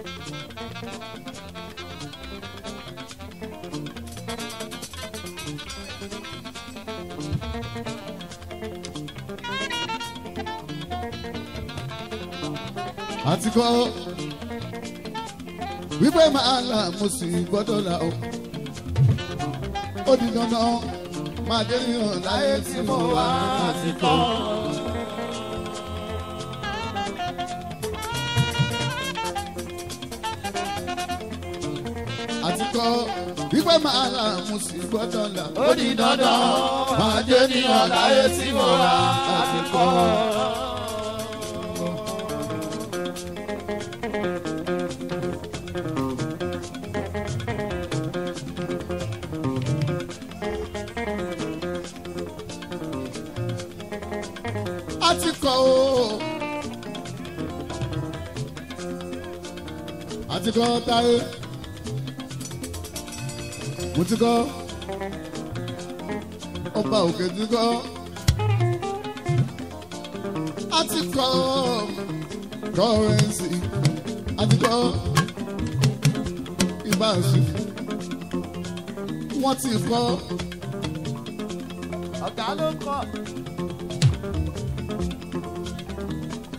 àti kọ́ wípé máa là mo sì gbọ́dọ̀ là ó ó di dandan máa dé yàn láyé tí mo wá àti kọ́. pé màá ra àmùsí gbọ́dọ̀ là. ó di dandan máa jẹ́ ní ọ̀láyé tí mo ra àsìkò. o. àtikọ̀ táyé mo ti kọ́ ọba òkè ti kọ́ a ti kọ́ kọ́rẹ́nsì a ti kọ́ ìbáṣe wọ́n ti kọ́ ọ̀gá ló kọ́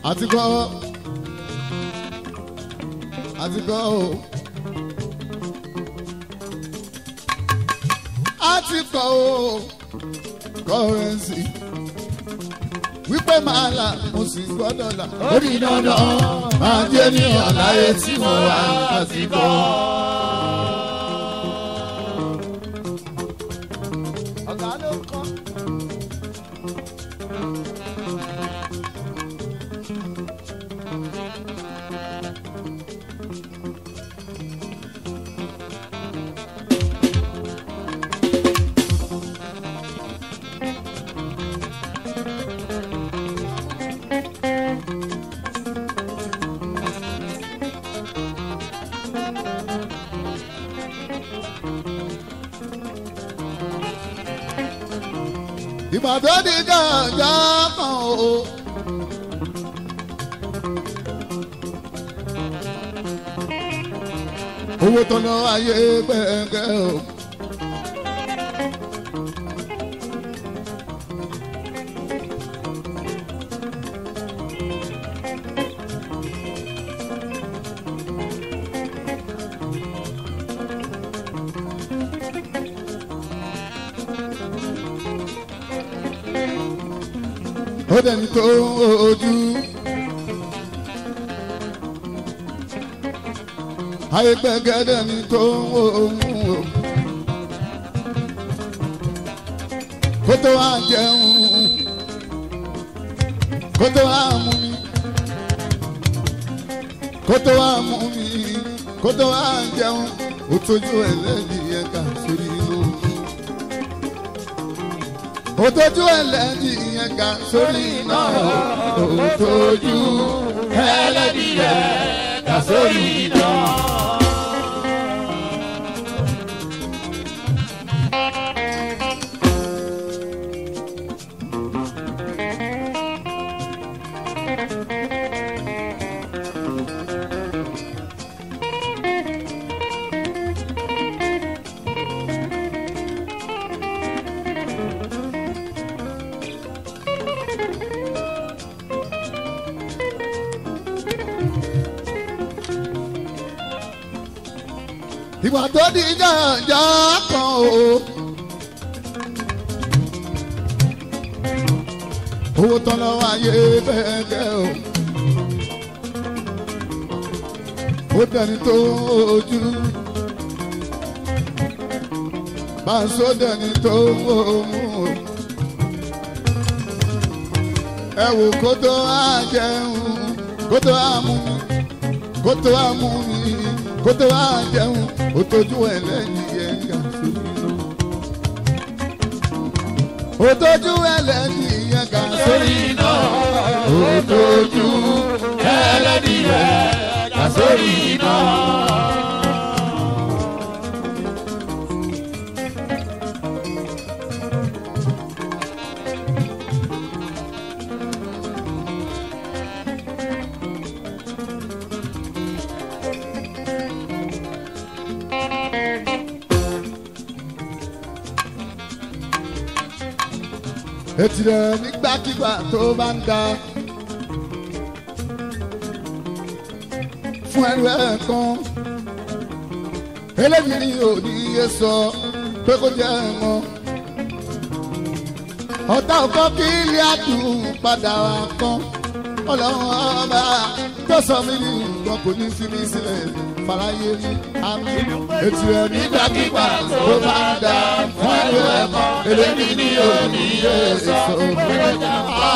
a ti kọ́ a ti kọ́ o. lásìkò kọ́rẹ́nsì wípé máa là mo sì gbọ́dọ̀ là. ó di dandan máa jẹ́ ní ọ̀la etí mo wà lásìkò. ìbàdàn ní gàǹgà kan o. owó tọ́nà ayé gbẹ̀ngẹ̀ o. dẹ̀ ní tó ojú. ayé gbẹ̀gẹ́dẹ̀ ní tó ohun o. kó tó jẹun kó tó mú mi kó tó mú mi kó tó jẹun ó tójú ẹlẹ́yìn. òtójú ẹlẹ́dì yẹn ga sórí iná òtójú ẹlẹ́dì yẹn ga sórí iná. tán lọ́wọ́ ayé bẹ́ẹ̀ kẹ́ o. ó dẹni tó ojú bàṣọ dẹni tó mú ẹ wò kó tó á jẹun kó tó á mú mi kó tó á mú mi kó á jẹun ó tójú ẹ lẹ́yìn yẹn gà. ó tójú ẹ lẹ́yìn ga sórí iná òdòdó ìgbàkígbà tó bá ń ga. fún ẹrú ẹ̀ kan eléyìí ni òdìyẹ sọ pé kó jẹ́ wọn. ọ̀tá ọkọ kí ilé àdùn padà wá kan ọlọ́run ọba tó sọ mí ní ìgbọ́n kò ní fi mí sílẹ̀ faláyé àmì ètò ẹ̀ nígbàkigbà tó bá dà fún ẹ̀rọ ẹ̀kọ́ èlébi ní òní èso padà wà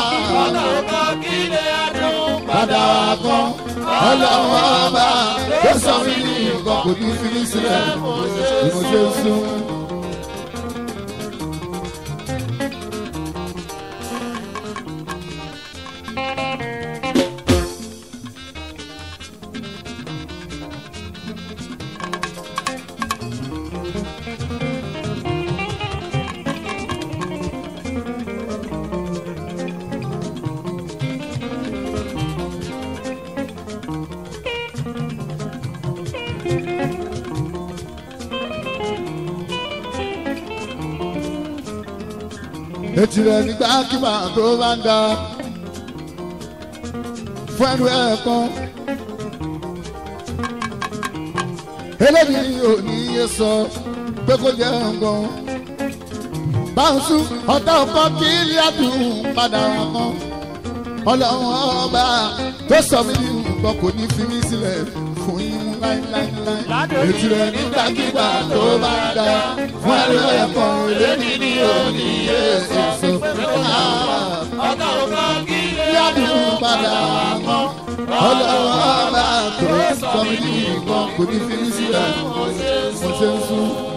kan ọlọ́wọ́ ọba tó sọ mí ní nǹkan kò ní fi sílẹ̀ mo ṣe akíba tó bá ń da fún ẹnu ẹ̀kan. eléyìí ò ní yé sọ pé kó jẹ́ nǹkan. báńsù ọ̀tá ọkọ kí ilé àdùn padà mọ́ ọlọ́run ọba tó sọ mí nǹkan kò ní fi mí sílẹ̀ fún yín láíláíláí ètò rẹ̀ nígbàkigbà tó bá dá fún àlọ́yẹ̀ kan lẹ́ni ní òní èsì sọ ọ̀gá ọ̀gá kí lẹ́yìn padà mọ́ ọlọ́wọ́ bá tó sọ mí nìkan kò ní fi mí sílẹ̀ mo ṣe ń sún.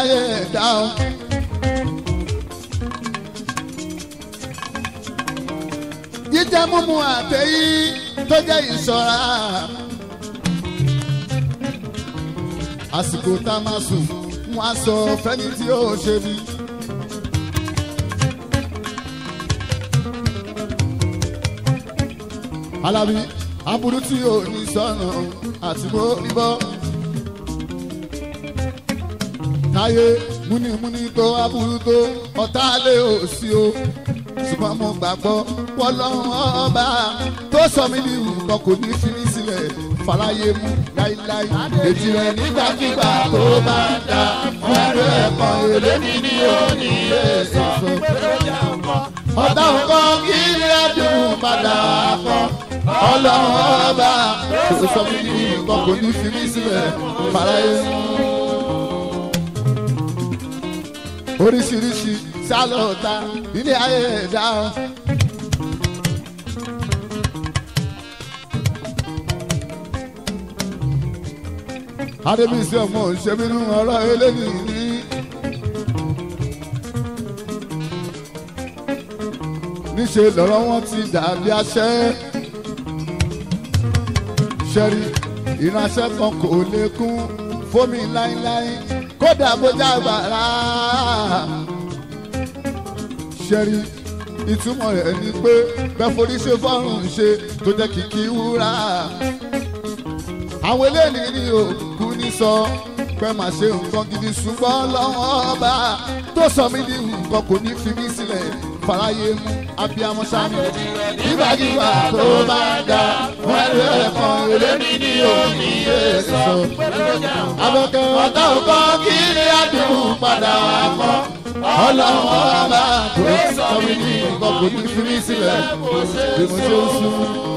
láyé ẹ̀dá o. jíjẹ múmu àtẹ̀yí tó jẹ́ ìṣọ́ra. àsìkò tá a máa sùn wọn á sọ fẹ́ni tí ó ṣe bí. alábí aburú tí ò ní sọnù àti mo rí bọ́ káyé múnimúni tó aburú tó ọ̀tá lé òsì o ṣùgbọ́n mo gbàgbọ́ wọlọ́run ọba tó sọ mí ní ìwúkọ kò ní fi mí sílẹ̀ fàlàyé mú láíláí. ètí rẹ nígbàkigbà tó bá dà mọ́ ẹ̀rọ ẹ̀kan èlé mi ní òní èso pẹ̀lú ọ̀tá nǹkan kí ni ẹ̀dùn padà kan ọlọ́run ọba tó sọ mí ní ìwúkọ kò ní fi sílẹ̀ fàlàyé mú. oríṣiríṣi sálọ̀ta ilé ayé ẹ̀dá. adébísí ọmọ òṣèbínú ọ̀rọ̀ eléyìí Ni níṣe lọ́rọ̀ wọn ti dàbí aṣẹ́ ṣẹ́rí ìránṣẹ́ kan kò lè kún fómi láíláí kódà bó jágbára. ṣẹ́rí ìtumọ̀ rẹ̀ ni pé bẹ́fọ́rí ṣe fọ́rùn ṣe tó jẹ́ kìkì wúrà. àwọn eléyìí ni òkú ní sọ pé mà ṣe nǹkan gidi ṣùgbọ́n lọ́wọ́ ọba tó sọ mí ní nǹkan kò ní fi mí sílẹ̀ fàráyé mú abiyamọ sami. Bíbájúbà tó bá dá fún ẹlú ẹ̀kan eléni ní omi èso. Abẹ́kẹ́ ọ̀tá òkọ́ kí ni àdúgbò padà wà mọ́. Ọlọ́run ọba kò sọ mí ní nǹkan kò ní fi mí sílẹ̀ kò sí oṣù.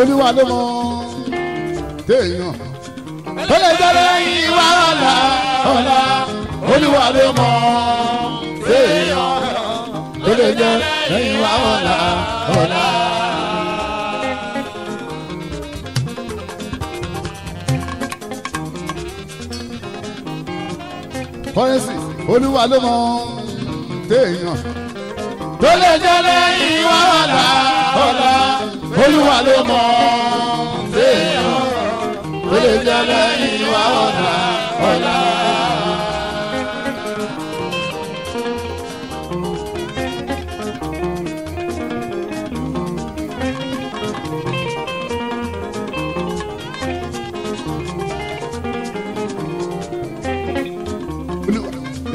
olúwa ló mọ téèyàn. tọ́lẹ̀ tọ́lẹ̀ ìwà ọ̀la ọ̀la olúwa ló mọ téèyàn. tọ́lẹ̀ tọ́lẹ̀ ìwà ọ̀la ọ̀la. kọ́rẹ́sì olúwa ló mọ téèyàn. tọ́lẹ̀ tọ́lẹ̀ ìwà ọ̀la ọ̀la olúwa ló mọ séèyàn ó lè jẹ lẹ́yìn wá ọ̀la ọ̀la.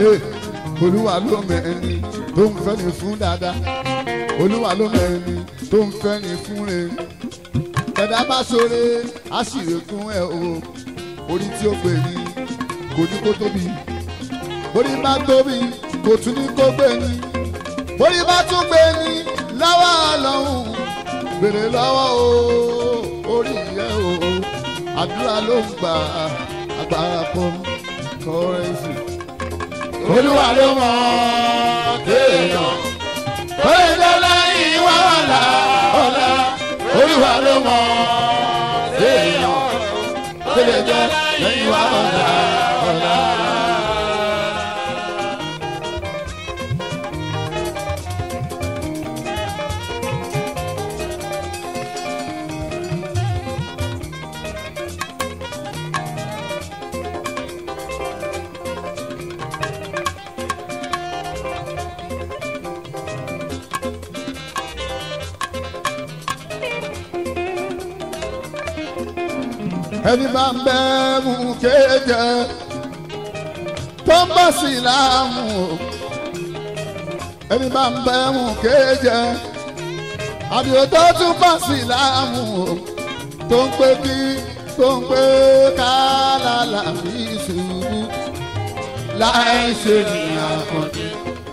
Eh, olúwa ló mọ ẹni tó ń fẹ́ fún dáadáa olúwa ló mọ tó ń fẹ́ ni fúnre ẹ̀dá bá ṣoore á sì rẹ̀kún ẹ̀ o orí tí ó gbé ni kò ní kó tóbi borí bá tóbi kò tún ní kó gbé ni borí bá tún gbé ni lọ́wọ́ lọ́hùn béèrè lọ́wọ́ o orí ẹ̀ o àdúrà ló ń gbà agbára kan kọ́rẹ́sì. olúwa ló mọ̀ ọ́ kéèyàn kọ́rẹ́sì lọ́la olúwa ló mọ̀ ọ́ ṣé èèyàn ṣe lè jẹ́ lẹ́yìn wá ọ̀dà. ẹni bá ń bẹ́ẹ̀mù kéjẹ tó ń bọ̀ sí láàmú ẹni bá ń bẹ́ẹ̀mù kéjẹ àdìrò tó tún bọ̀ sí láàmú tó ń pé kí tó ń pé kálálà bí ìṣubú láì ṣe nìyà kọ̀dí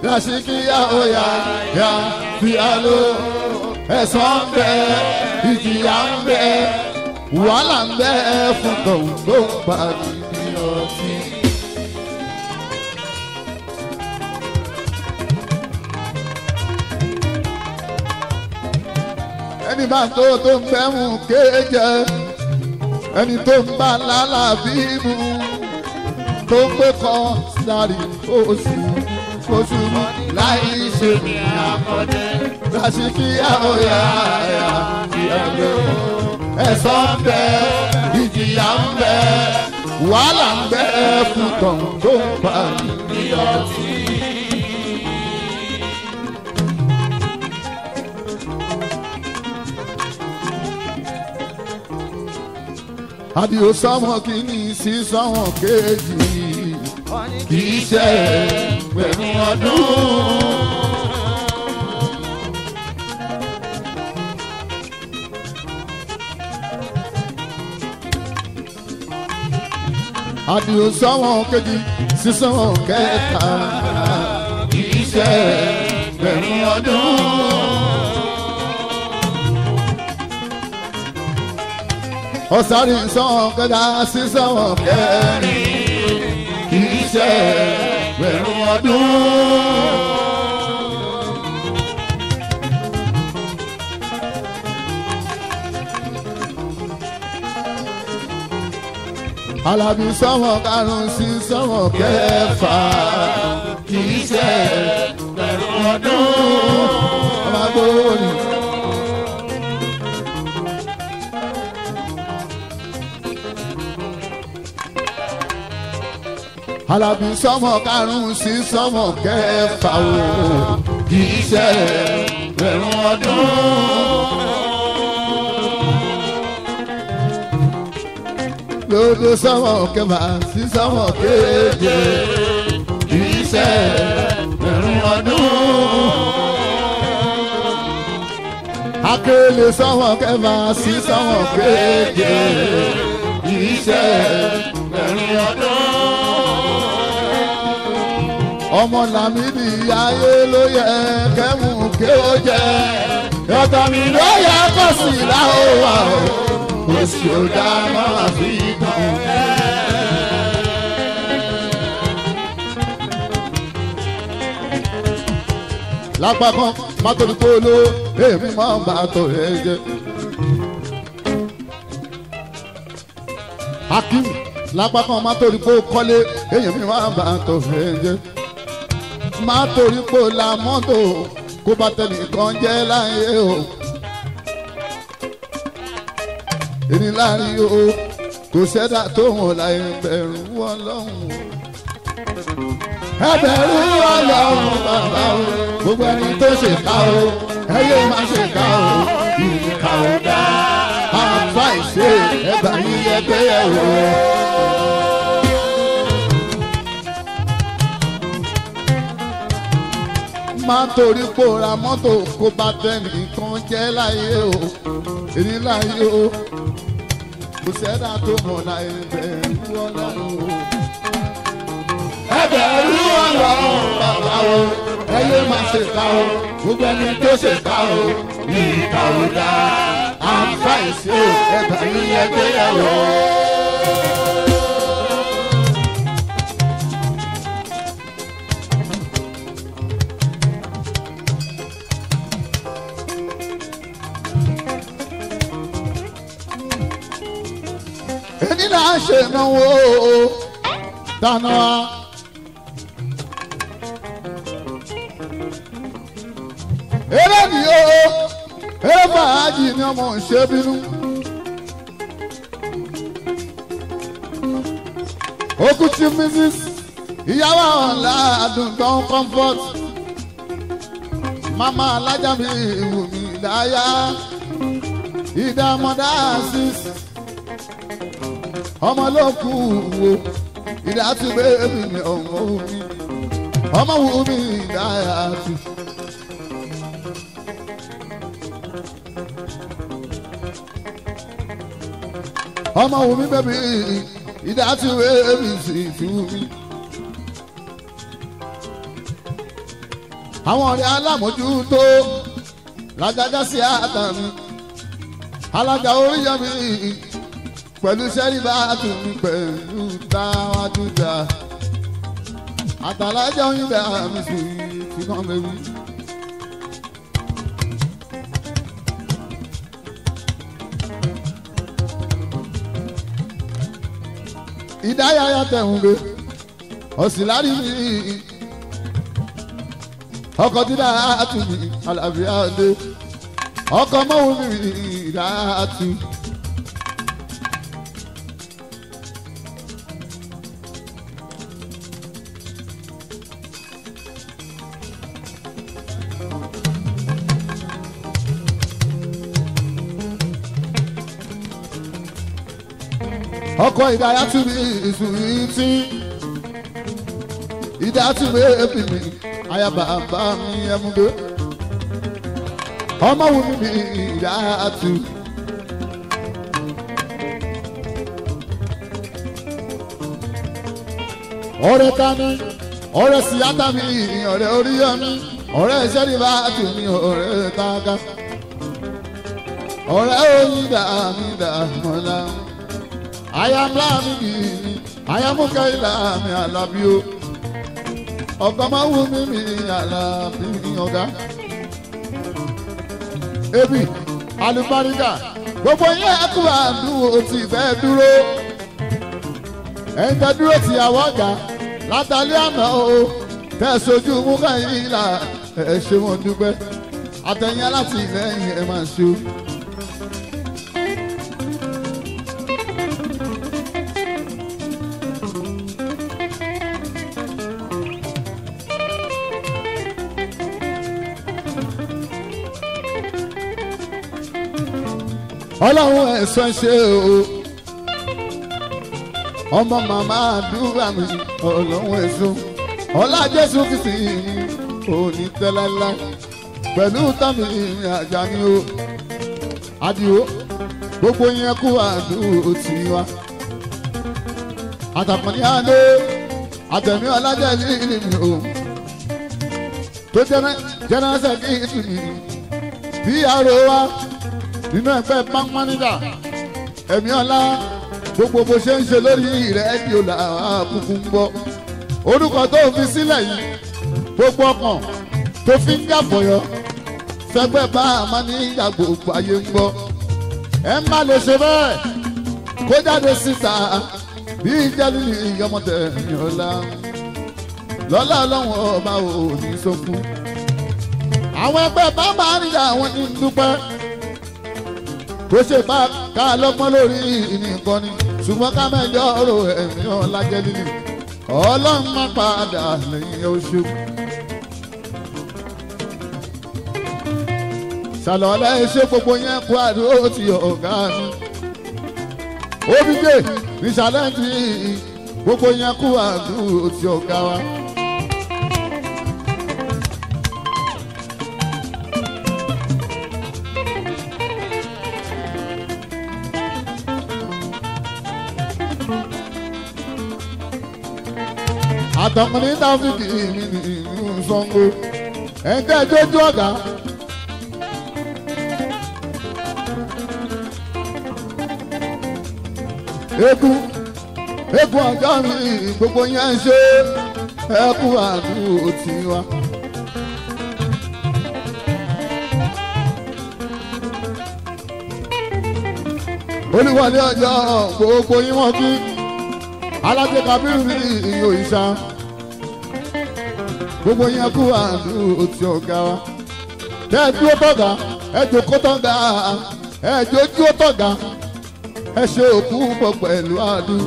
lásìkíyà òyà yà fìyà ló ẹ̀sán bẹ́ẹ̀ ìjìyà ń bẹ́ẹ̀ wàhálà ń bẹ fún tọ̀hún ló ń pa níbi ọtí. ẹni bá tó tó ń fẹ́ mú kéjẹ ẹni tó ń bá lálàbí mu tó ń gbé kan sáré oṣù oṣù láì ṣe ní àkọ́jẹ́. Ràṣìkí àwòyá àyà ìyàgbé ẹ̀san ń bẹ ìjìyà ń bẹ wàhálà ń bẹ fún tọ̀ǹtò ń pa ní ọtí. àdìo sáwọn kìíní sí sáwọn kejì kì í ṣe pẹ̀lú ọdún. àdìo sọ́wọ́n kejì sísọ́wọ́n kẹta kì í ṣe bẹ̀rù ọdún. ọ̀sárì sọ̀wọ̀n kẹta sí sọ̀wọ̀n kẹrin kì í ọdún. Alábí sọ́wọ́n karùn-ún sí sọ́wọ́n kẹfà kì í ṣe pẹ̀lú ọdún ọmọ agbóró ni. Alábí sọ́wọ́n karùn-ún sí sọ́wọ́n kẹfà kì í ṣe pẹ̀lú ọdún. lóde sáwọn kẹfà sí sáwọn kéje ìṣe ẹ̀rùn ọdún. akéèlé sáwọn kẹfà sí sáwọn kéje ìṣe ẹ̀rùn ọdún. ọmọ làmìdí ayé ló yẹ kẹ́mù kéwòjẹ ọ̀tọ̀ mi ló yẹ kọ́sìlá ó wà ó kò sí ó dá mọ́. lápá kan má torí pé olówó èmi máa ń bá àtọ̀ rẹ̀ jẹ. Akim lápá kan má torí pé ó kọ́lé èmi máa ń bá àtọ̀ rẹ̀ jẹ. Má torí pé ó la mọ́tò kó bá tẹnìkan jẹ́ láyé o. Èmi láàrin o kò sẹ́dá tó hàn láì bẹ̀rù ọlọ́run o ẹbẹ̀rù ọlọ́run bàbá o gbogbo ẹni tó ṣèkà o ẹyẹ má ṣèkà o ìkà ò dá àfa ìṣe ẹgbà yíyẹ gbéyẹ̀ wò. má torí kó ra mọ́tò kó bá tẹ̀lé kan jẹ́ láyé o èyí láyé o kò sẹ́dá tó mọ̀ láyé bẹ́ẹ̀ wọ́n lọ́rùn o ẹbẹ̀rù ọlọ́run bàbá o ẹyẹ máa ṣe ká o gbogbo ẹni tó ṣe ká o ní ìka ò dá àǹfààní sí o ẹbẹ̀rù yẹ gbéyàwó. èyí là ń ṣe náwó dáná. eré ni o eré fàájì ni ọmọ ń ṣe bínú. okuchi mrs ìyàwó ọ̀la àdùntàn comfort mama alájà mi ìwù mi dáyà ìdààmúdà sis ọmọ ló kú wo ti bẹ́ẹ̀ mi ọmọ wù mí ọmọ wù mí dáyà tù. ọmọ wumi bẹ́bí ìdá tí wéé mi sì fi wumi. àwọn ọ̀rẹ́ alámòjútó làjàjà sí àtàn mi alága oríyàmí pẹ̀lú sẹ́ríbà tún mi pẹ̀lú táwa dúdà àtàlájà òyìnbá mi sì fi kàn mẹ́wìí. ìdáyà ya tẹ̀hún gbé ọ̀sìlárí mi ọkọ̀ tí dáa tù mí àlàáfíà dé ọkọ̀ mọ́wùmí dáa tù mí. Because it had to be is waiting. It had to be everything. I have a family, mi ni ìyá àtú. Ọ̀rẹ́ ta ni, ọ̀rẹ́ síyáta mi, ọ̀rẹ́ oríyọ̀mí, ọ̀rẹ́ ìṣẹ́ríbá àtú mi, ọ̀rẹ́ tàgá. Ọ̀rẹ́ oyin dàmí dàmọ́lá ayamlamidi mi ayamukaila mi alabi o ọ̀gá máa wù mí mi alabi mi ọ̀gá. ebi alùbáríkà gbogbo yẹn àkùrà àdúró ti fẹ́ dúró ẹ̀yin tẹ́ dúró ti àwọn ọ̀gá látàlẹ́ àná o tẹ́ sojú mukaila ẹ̀ ṣe wọn dúpẹ́ àtẹ̀yìn aláti ilẹ̀ yìí ẹ̀ ọlọ́run ẹ̀sán ṣe o ọmọ màmá àdúrà mi ọlọ́run ẹ̀sán ọlá jésù kìsì mi òní tẹ́láńlá pẹ̀lú tàmí àjà ni o àdìo gbogbo yẹn kú àdúró tì wá àtàkùnrin àdó àtẹ̀mí ọlájà lílì mi o tó jẹ́nà jẹ́nà sẹ́kì ìtù mi bí àrò wa nínú ẹgbẹ́ bank manager ẹ̀mí ọlá gbogbo bó ṣe ń ṣe lórí rẹ̀ ẹ̀mí ọlá kúkú ń bọ̀ orúkọ tó fi sílẹ̀ yìí gbogbo ọkàn tó fi ń dàbọ̀yọ̀ fẹgbẹ́ bá a máa ní ìyàgbọ́ òkú ayé ń bọ̀ ẹ má lè ṣe bẹ́ẹ̀ kó jáde síta bí ìjẹ́lu ní ìyọmọ̀tẹ̀ ẹ̀mí ọlá lọ́lá ọlọ́run ọba ò ní sọ́kù àwọn ẹgbẹ́ bá máa ń dúpẹ́ tó ṣe bá ká lọ́gbọ́n lórí nìkan ni ṣùgbọ́n ká mẹ́jọ ro ẹ̀mí ọ̀làjẹ́ lílì ọlọ́run má padà lẹ́yìn oṣù. ṣàlọ́lẹ́ ṣé gbogbo yẹn kú àdúró ti ọ̀gá mi. òbí dé ìṣàlẹ́ ti gbogbo yẹn kú àdúró ti ọ̀gá wa. àtọkùnrin táfíìkì mi nìlú Ṣàngó ẹ̀ńtẹ́ jójú ọ̀gá. eku eku ọjọ́ mi gbogbo yẹn ṣe ẹkú àdúró tiwa. olúwalẹ̀ ọjọ́ gbogbo yín wọ́n kí alájẹ kábírù ní ìyó ìṣá gbogbo yẹn kú àánú òtí ọ̀gá wa. tẹ́ ẹ dúró tọ̀gá ẹ jòkó tọ̀gá ẹ jójú tọ̀gá ẹ ṣe òkú pọ̀ pẹ̀lú àdúrà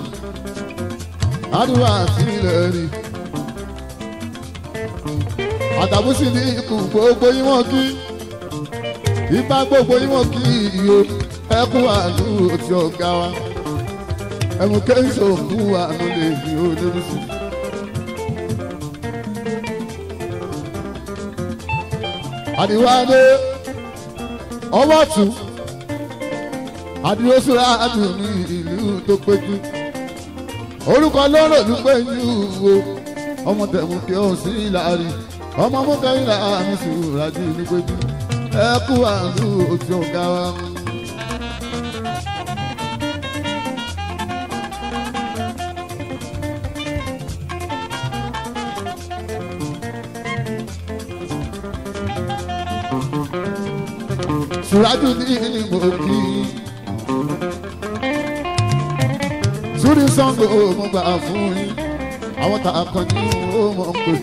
àdúrà sí ilẹ̀ rí. àtàbù sì ní ikú gbogbo yín wọ́n kí ibà gbogbo yín wọ́n kí iyo ẹ kú àánú òtí ọ̀gá wa. ẹ̀mú kẹ́hìn sọ̀rọ̀ kú àánú lè fi ó débùsùn. àdìwádé ọwọ́tún àdìrósùrà àdùnní ìlú tó péjú orúkọ lọ́rọ̀ ló péjú o ọmọ tẹ̀mú kí ó sí ìlàrí ọmọ mú kẹ́hìnlá àmì sùúrù rájú ní péjú ẹ kú àrùn òtún ọ̀gá wa. Baba mo kí. Súrí Ṣàngó mo gbà fún yín, àwọn tá a kàn ní ó mọ̀ ń pè.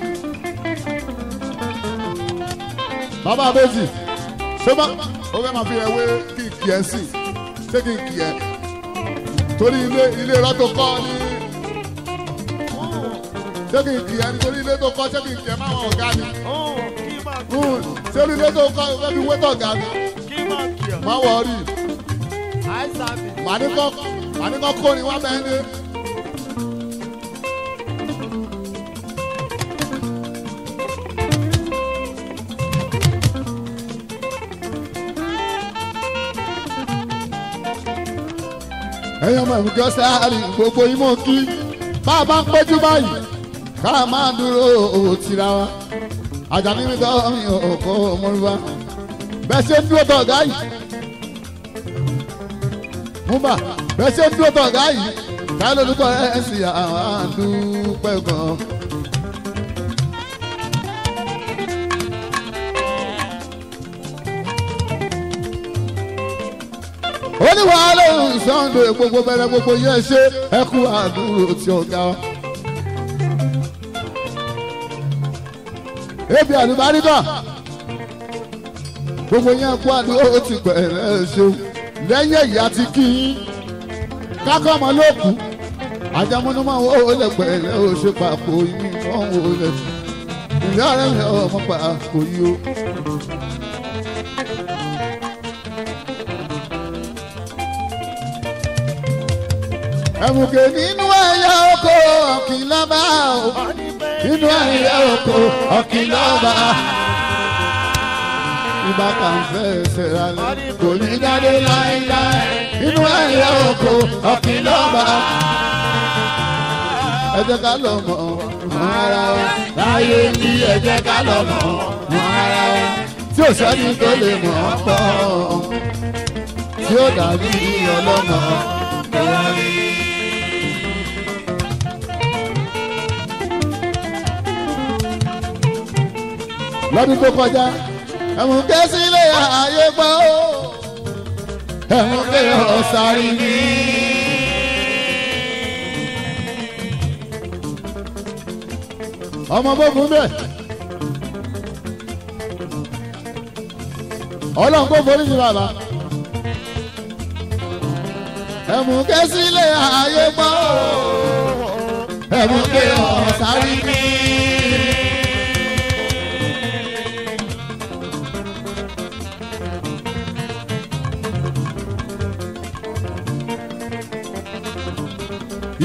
Bàbá Abéjì, ṣé má o fẹ́ máa fi ẹwé kí n kì ẹ́ sí, ṣé kí n kì ẹ́? Torí ilé ilé rẹ tó kọ́ ní. Ṣé kí n kì ẹ́ nítorí ilé tó kọ́ ṣé kí n kì ẹ́ máa wọ̀ ọ̀gá mi? Ṣé ilé tó kọ́ ìfẹ́ mi wé tọ̀gá mi? má wọrí màníkọ́ kó ni wọ́n bẹ́ẹ̀ ní. ẹ̀yin ọmọ ìmùjọ sáárì gbogbo yín mọ̀ kí bá a bá ń péjú báyìí ká máa dúró òwò tira wa àjàmí mi tọ́ mi ò kó mọ́lúwa bẹ́ẹ̀ ṣe ń dúró tọ̀ gáyìí múmbà bẹ́ẹ̀ ṣe ń dúró tán ọ̀gá yìí táyà lórúkọ ẹ̀ sì àdúpẹ́ gan. oníwà lóhùn sọ́ńdò gbogbo bẹ̀rẹ̀ gbogbo yẹn ṣe ẹ àdúró tí ọ̀gá. ebi àdúbárí náà gbogbo yẹn kú àdúró tí pẹ̀lẹ́ ṣeun lẹ́yìn èyí àti kí yín kákọ́ ọmọ ló kù àjẹmúnú máa wọ olè pẹ̀lẹ́ oṣù pàpò yín wọ́n wọ olè ìyá rẹ̀ mi ọmọ pàpò yìí o. ẹ̀mùkè nínú ẹ̀yà oko ọ̀kìlọ́ba nínú ẹ̀yà oko ọ̀kìlọ́ba bá kà ń fẹ́ ẹsẹ̀ lálẹ́. kò ní jáde láéláé nínú ẹ̀yà oko ọ̀kìn lọ́ba. ẹ jẹ́ ká lọ mọ̀ mọ́ ara wa láyé ní ẹ ká lọ mọ̀ mọ́ ara wa tí ò sẹ́ni tó lè mọ̀ ọ́ pọ̀ tí ó dàbí ọlọ́mọ tó lọ́dún tó kọjá ẹ̀mùké sílẹ̀ ààyè gbọ́ ẹ̀mùké ọ̀sàrí bí. ọmọ bókun bẹ́ẹ̀ ọlọ́run kò forí sí bàbá ẹ̀mùké sílẹ̀ ààyè gbọ́ ẹ̀mùké ọ̀sàrí bí.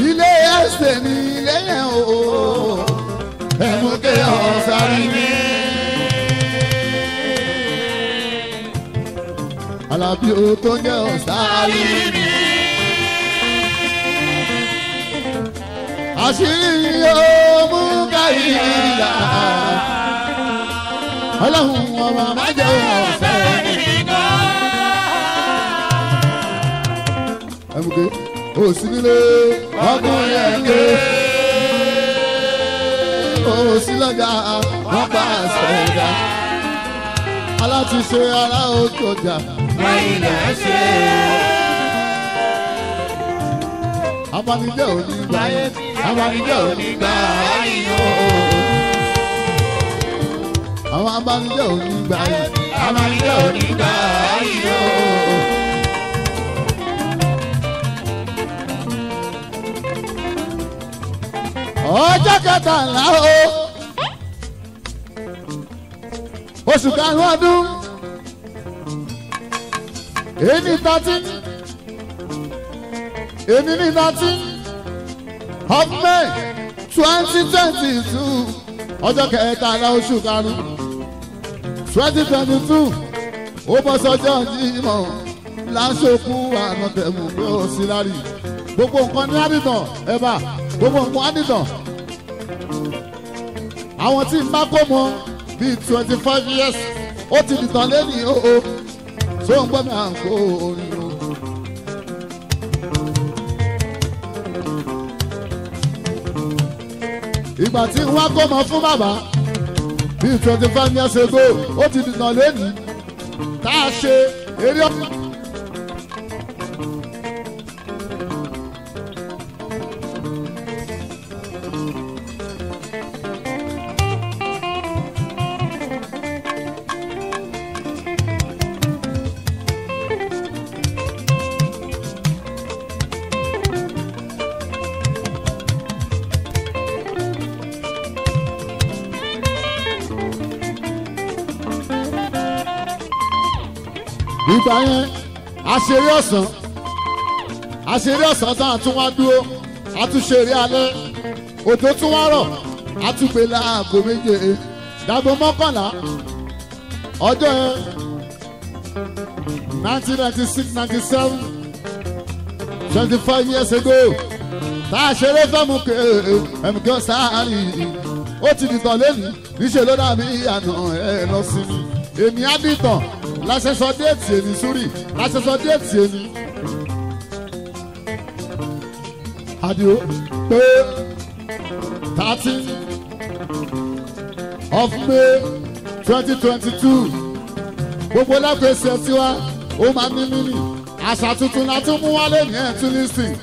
ilé ẹsẹ̀ ní ilé yẹn o ẹ̀mú ké ọ̀sáré ní. alábí o tó ń jẹ́ ọ̀sáré ní. àṣírí yóò mú ìlà ọlọ́run ọmọ má jẹ́ ọ̀sáré ní. ẹ̀mú ké òsínlẹ̀ ọkùnrin ẹ̀kẹ́ òsínlẹ̀gà ọba àṣẹ̀dá alátúnṣe ará òkòjà lẹ́yìn lẹ́sẹ̀. abanijẹ́ òní gbà abanijẹ́ òní gbà ayọ̀ àwọn abanijẹ́ òní gbà abanijẹ́ òní gbà ayọ̀. ọjọ́ kẹtàlá o oṣù karùn-ún ọdún èyí ní thirteen èyí ní thirteen of May twenty twenty two ọjọ́ kẹtàlá oṣù karùn-ún twenty twenty two ó bọ́ sọ́jọ́ Jímọ̀ láṣokú ànàtẹ̀mù pé ó sí lárí gbogbo nǹkan ní àdìtàn ẹ̀bà gbogbo nǹkan àdìtàn àwọn tí n bá kó mọ bíi twenty five years ó ti dìtàn lẹ́yìn o tó ń gbọ́ mi à ń kó orin o. ìgbà tí n wá kó mọ fún bàbá bíi twenty five years ago ó ti dìtàn lẹ́yìn tá a ṣe eré. ìgbà yẹn àṣeré ọ̀sán àṣeré ọ̀sán tá a wá dúró a ṣeré alẹ́ òjò tún wá rọ̀ a pè láàgó méje dàgbò mọ́kànlá ọjọ́ yẹn nineteen ninety six ninety seven twenty five years ago tá a ṣeré fẹ́mu ké MK Sàárì ó ti dìtàn lẹ́nu níṣẹ́ ló dàbí ìyànà ẹ̀ lọ sí mi èmi á dìtàn láṣẹ sọ déètì èmi sórí láṣẹ sọ déètì èmi. Adio pé thirty of May twenty twenty two gbogbo lápẹ̀sì ẹ̀ tiwa ó máa ní mímì àṣà tuntun la tún mú wálé ní ẹ̀ tún lísìn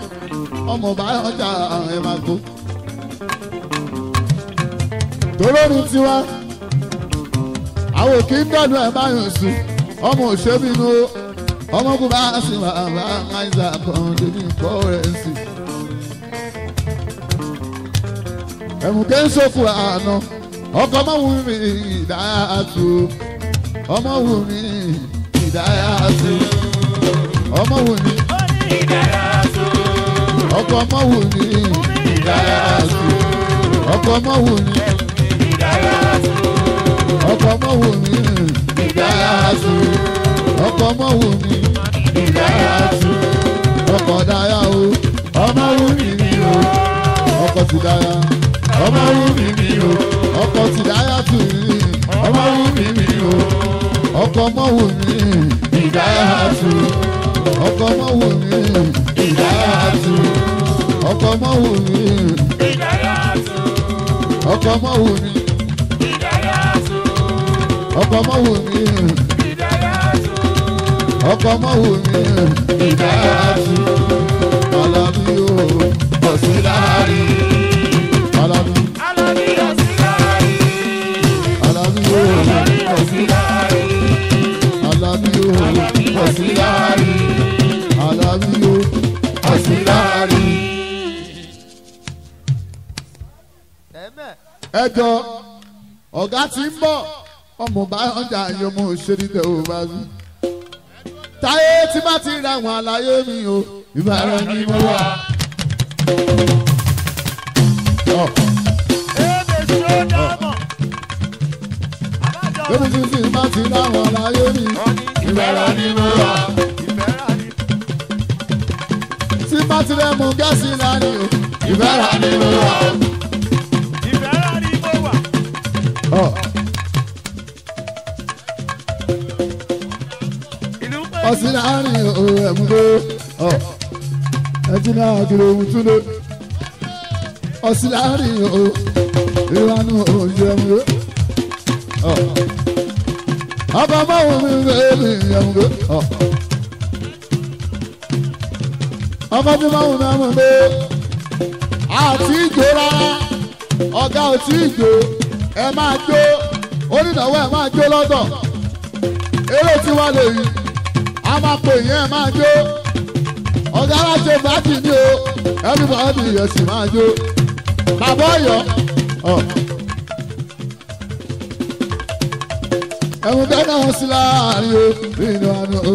ọmọ báyọ̀jà ẹ̀ máa kó tolórin tiwa àwọn kì í dọ̀dọ̀ ẹ̀ báyọ̀ sùn ọmọ òṣèbínú ọmọkùn bá sì wà bá àìsà kan débi nǹkan rẹ̀ sí. ẹ̀mùkẹ́ ń sọ́kù àná ọkọ ọmọ wù mí ìdáyà tó ọmọ wù mí ìdáyà tó ọmọ wù mí ìdáyà tó ọkọ ọmọ wù mí ìdáyà tó ọkọ ọmọ wù mí ìdáyà tó ọkọ ọmọ wù mí. Ìdáyàtú ọkọ mọ́wù mi. Ìdáyàtú ọkọ dáyà o. Ọmọ wù mí mi o. Ọkọ ti dáyà. Ọmọ wù mí mi o. Ọkọ ti dáyà tù mí. Ọmọ wù mí mi o ọkọ mọ wù mí. Ìdáyàtú. ọkọ mọ wù mí. Ìdáyàtú. Alábí o ọ̀sìlárí. Alábí. Alábí ọ̀sìlárí. Alábí o ọ̀sìlárí. Alábí o ń bọ̀ ọmọ bá ọjà yọmọ òṣèré tẹ ò bá zù. táyé tí má ti ra àwọn àlàyé mi o Ìbàdàn ni mo wà. èdè tí ó dá mọ̀. èmi ti sì má ti ra àwọn àlàyé mi Ìbàdàn ni mo wà. tí má ti rẹ̀ mú gẹ̀ẹ́sì náà o Ìbàdàn ni mo wà. Ìbàdàn ni mo wà. ọsí láàrin òun ẹ̀mú ló ẹtí náà kiri ohun tún lé ọsí láàrin òun ìwánu òun mi bẹ́ẹ̀ ni ẹ̀mú ló ọmọ bí máwùn mi ẹ̀mú ló àti ìjó rárá ọ̀gá ò tí ì jó ẹ máa jó onídàáwó ẹ máa jó lọ́dọ̀ eré tí wàá lè yí a máa pè yẹn máa jó ọ̀gá aláṣẹ fàájì ni o everybody yẹ sì máa jó bàbá ọ̀yọ́ ẹ̀hún dáná wọn sí láàrin o nínú àná o.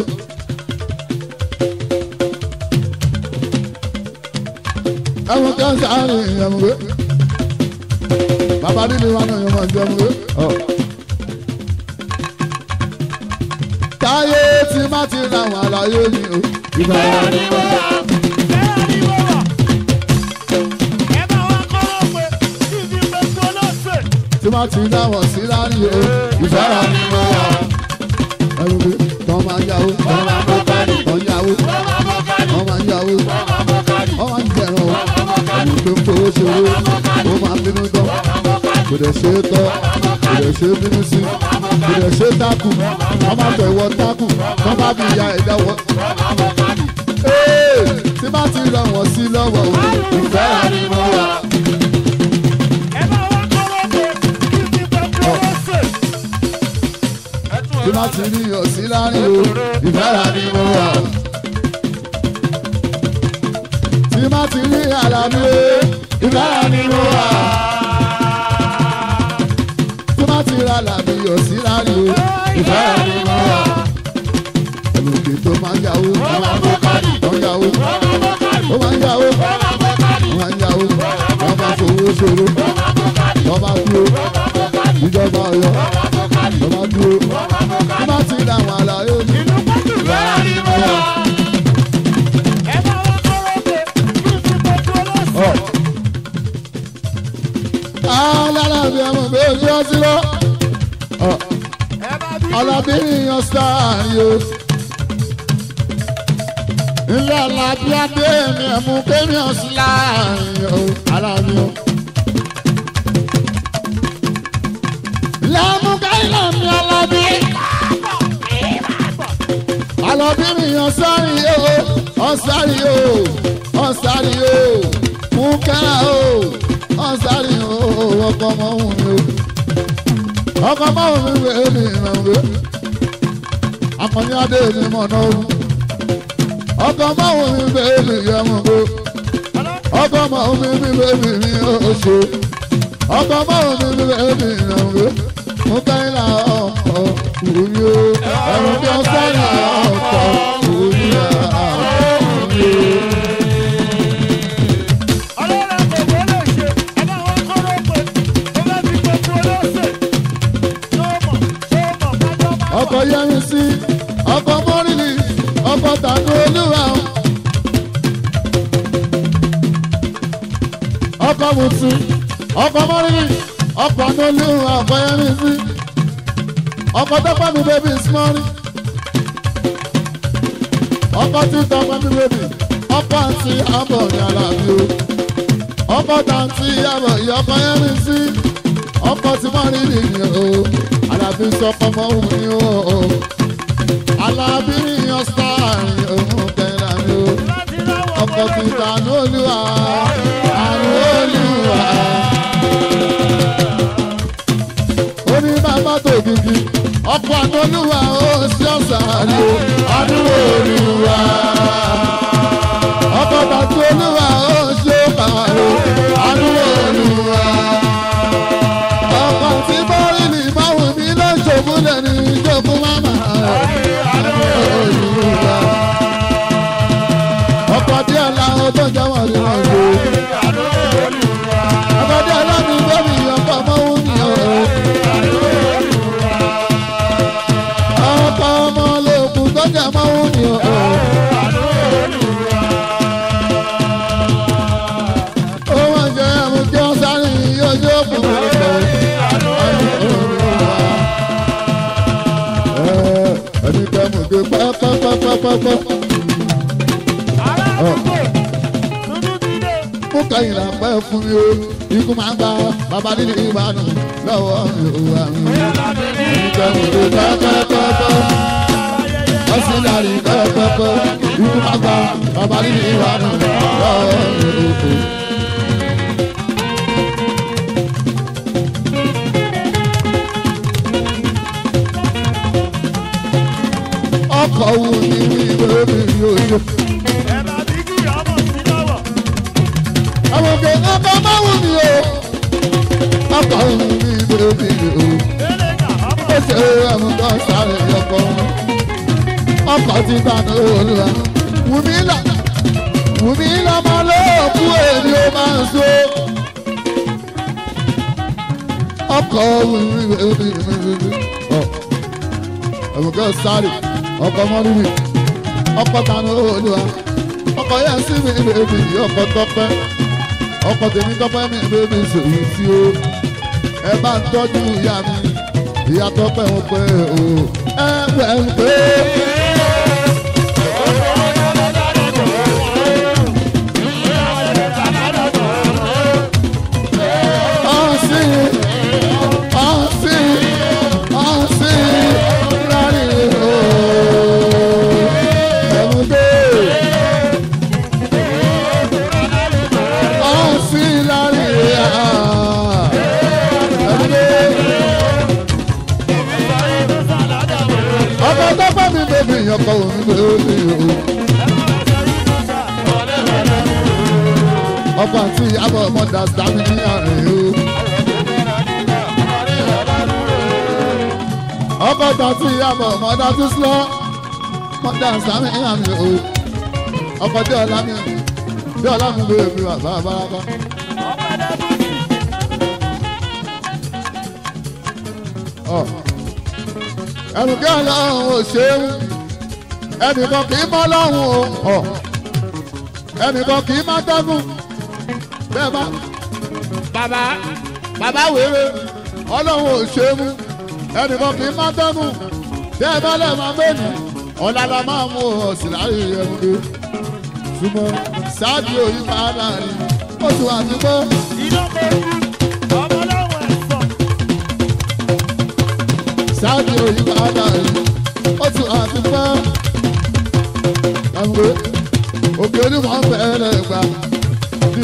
ẹ̀hún kan sáárín ẹ̀hún gbé bàbá nínú àná yẹn máa jẹun gbé. táyé tí má ti ra wọn àlàyé ni o. ìgbà yẹn ni mo wà. tí má ti dá wọn sí láàrin o. ìfẹ́ra ni mo wà. ẹnu pé tọ́ máa yáwó. tọ́ máa bọ́ kárí. tọ́ yáwó. tọ́ máa bọ́ kárí. tọ́ máa yáwó. tọ́ máa bọ́ kárí. ọmọ ń jẹ̀rọ. tọ́ máa bọ́ kárí. ẹnu tó ń kó ṣòro. ó máa bínú tán kò dẹ̀ ṣe é tọ́ kò dẹ̀ ṣe é bínú sí kò dẹ̀ ṣe é tákù wọ́n máa fẹ́ wọ tákù wọ́n bá bí ìyá ẹ̀dá wọ. tí bá ti rọ wọ́n sí lọ́wọ́ o ìfẹ́ rà ni mo wà. tí bá ti rí yàn sí láàrin o ìfẹ́ rà ni mo wà. tí bá ti rí àlàmì o ìfẹ́ rà ni mo má ti ra làbí yóò sí lálẹ́ o. ìfẹ́ rẹ̀ ni mo rà. olùgbé tó máa ń yàwó. ó máa ń bọ́ kárì. ó máa ń yàwó. ó máa ń yàwó. ó máa ń bọ́ kárì. ó máa ń yàwó. wọ́n bá fowó ṣòro. wọ́n bá dúró. ìjọba ọ̀yọ́. wọ́n bá dúró. wọ́n bá ti ra àlàyé. inú pọ́tù rẹ̀ ni lára bí ọmọ bẹ́ẹ̀ ní ọsíró ọlábìyàn star yóò. ńlá làbíàdé mi ẹ̀mú kéèyàn sílá yóò ara mi o. lẹ́mú káyọ̀ mi ọlọ́bí. ọlọ́bìyàn sáré yóò ọ̀sáré yóò ọ̀sáré yóò mú ká o mọ̀ sáré o ọkọ̀ mọ̀ wù mí o ọkọ̀ mọ̀ wù mí wèé mi ràn wé akọni adé mi mọ̀ náà o ọkọ̀ mọ̀ wù mí wèé mi yẹ o o ọkọ̀ mọ̀ wù mí wèé mi mi o ṣe ọkọ̀ mọ̀ wù mí wèé mi ràn o mo kẹ́yìn náà ọkọ̀ wù mí o ẹ̀rù mi ò sáré o. ọkọ tó pa mi bébí smọ́rí ọkọ tí tó pa mi bébí ọkọ àti àbọ̀ ní alábí o ọkọ tàǹtí àbọ̀ ìyọkọ yẹn mi sí ọkọ tí wọ́n rí nìyí o alábí sọ fọmọ òun ni o alábí yan star òun kẹlẹ́ mi o ọkọ tí tàǹtí olúwa àrùn olúwa. Pàtó olúwa ó sí ọ̀sán ni ó, ọdún ọgbọ́. mú kẹyìn là pẹ́ fún mi o ikú máa ń gba bàbá nínú ìbàdàn lọ́wọ́ ìhùwà mi. ìjọba ìlú pẹ́pẹ́pẹ́pẹ́ ọ̀sìn dàrí pẹ́pẹ́pẹ́ ikú máa ń gba bàbá nínú ìbàdàn lọ́wọ́ ìhùwà mi. ọkọ̀ wù I'm gonna start it ọkọ mọ́rìmì ọkọ tanu olúwa ọkọ yẹn sí mi bèbí ọkọ tọpẹ ọkọ tèmi tọpẹ mi bèbí sèyí sí o ẹ bá ń tọ́jú ìyá mi ìyá tọpẹ ń pẹ́ o ẹ pẹ́ ń pẹ́. abọ́ mọ́tà sábì ní àárín o. ọkọ̀ tàtú ìyàbọ̀ mọ́tà tún sílọ́ mọ́tà sábì ní àárín o. ọkọ̀ dé ọ̀la mi dé ọ̀la mi lóye mi bàbá àbáraba. ẹnu kí ọlọ́run ò ṣeun ẹnìkan kì í mọ́ lọ́hùn o ẹnìkan kì í má dẹ́gùn bẹ́ẹ̀ bá bàbá bàbá wéré ọlọ́run ò ṣe é mú ẹnìkan kì í má tẹ́nu bẹ́ẹ̀ bá lẹ̀ máa mẹ́nu ọ̀la la máa mú ọ̀sìn láàyè ẹ̀mùdé ṣùgbọ́n sáàdì òyìn máa rà ní oṣù àdúgbò. sáàdì òyìn máa rà ní oṣù àdúgbò. ẹ̀mùdé òkè onímọ̀ ọ̀fẹ́ rẹ̀ gbà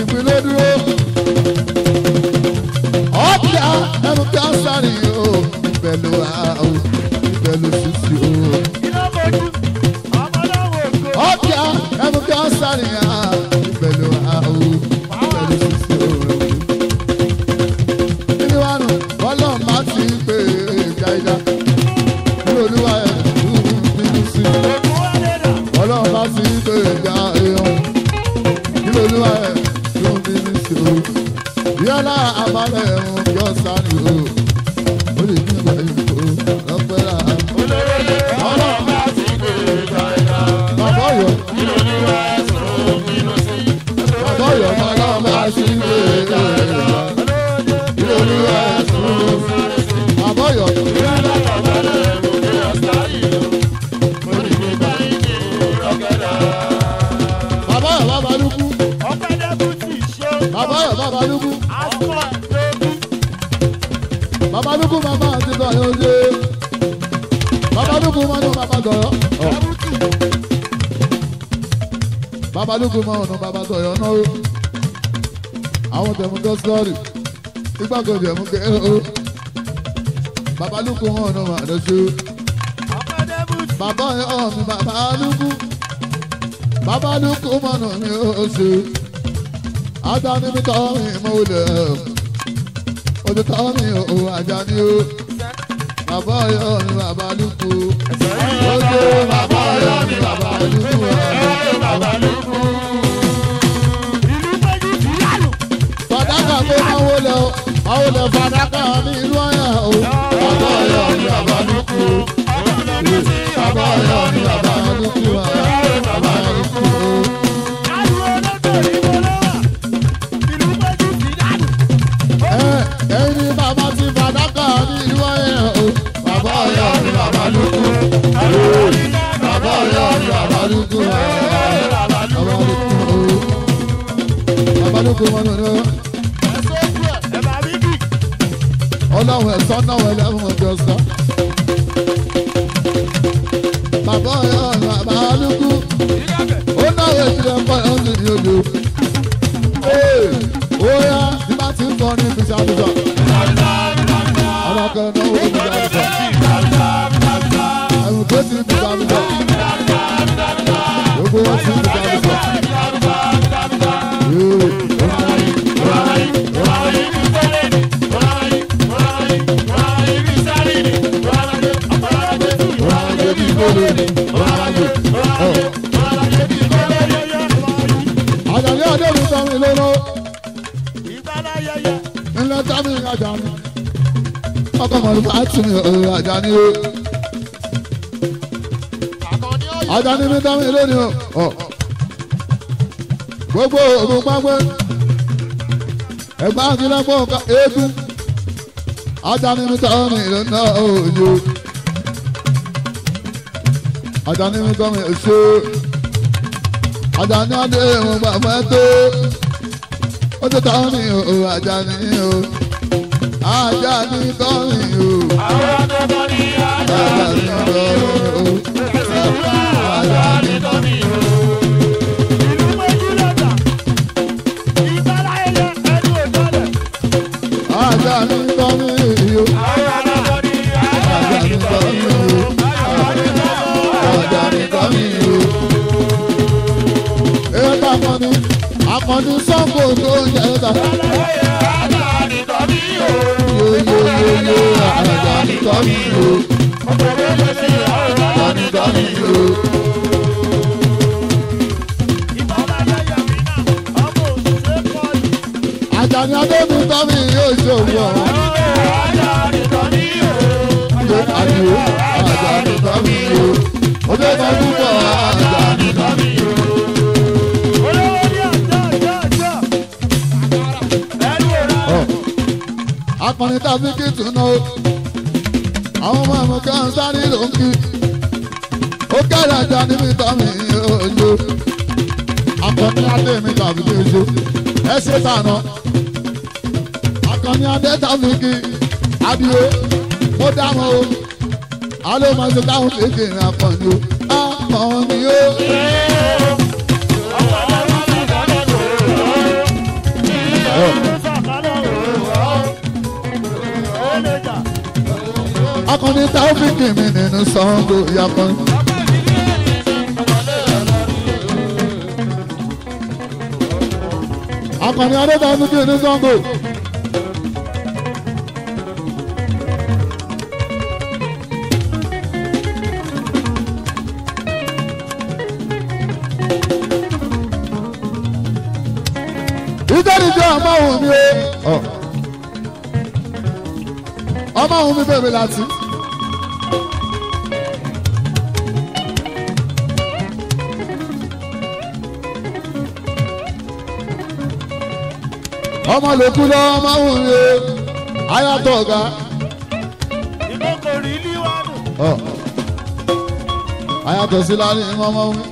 ìpínlẹ̀ dúró. ọ̀pìà ẹnu kí á sáré o pẹ̀lú àwọn pẹ̀lú sísè o. ọ̀pìà ẹnu kí á sáré o. mọ ọ̀nà bàbá sọ̀yọ́ náà ó àwọn tẹ̀mú gọ́sítọ́rì igbákejì ẹ̀mú kẹ́rọ ó bàbá lùkù hàn ọ̀nà màdé ṣe ó bàbá yẹn ọ̀ mi bàbá lùkù bàbá lùkù mọ̀nà mi ó ṣe ó ajá ní mi tọ́ mi mọ́ ó lẹ̀ ó ti tọ́ mi ó ajá ní ó bàbá yẹn ọ̀ mi bàbá lùkù. lọ́pọ̀ ògùn pápẹ́ ẹ̀gbọ́n ti lọ́pọ̀ eégún ajánimítọ́ mi lọ́nà òjò ajánimítọ́ mi ṣe ajání adé mo gbà fẹ́ tó ó ti tọ́ mi o ajání o ajání tọ́ mi o. àwọn ọ̀dọ́ tó ní ajání tọ́ mi o. ajání tọ́ mi o. tọ́ni o. ọ̀pọ̀lọpọ̀ ló ṣe àrùn tọ́ni tọ́ni o. àjàní adébùn tọ́mi yóò ṣòwò. àjàní tọ́mi o. àjàní àjàní tọ́mi o. ọjọ́ ìtọ́jú pọ̀ àjàní tọ́mi o. akọrin tàbí kìtùnú àwọn ọmọ àwọn kan sáré ló ń kí ó kẹ́rẹ̀ ajá níbi tàmí ojú akọni adé mi tàbí ojú ẹ ṣe akọni adé tàbí kí adìyẹ mo dá mọ o alóòmọ ṣe táwọn kéèké ní akọni o akọni o. akọni taofik mi nínú sango yakọ. akọni adébáyé mi nínú sango. ọlọ́run fi bẹ̀rẹ̀ láti. ọmọ lòkú lọ́wọ́ máa ń wúre ayatọ̀ ọ̀gá. ìbò kò rí ilé wa nù. ayatọ̀ sí lálẹ́ ọmọ wí.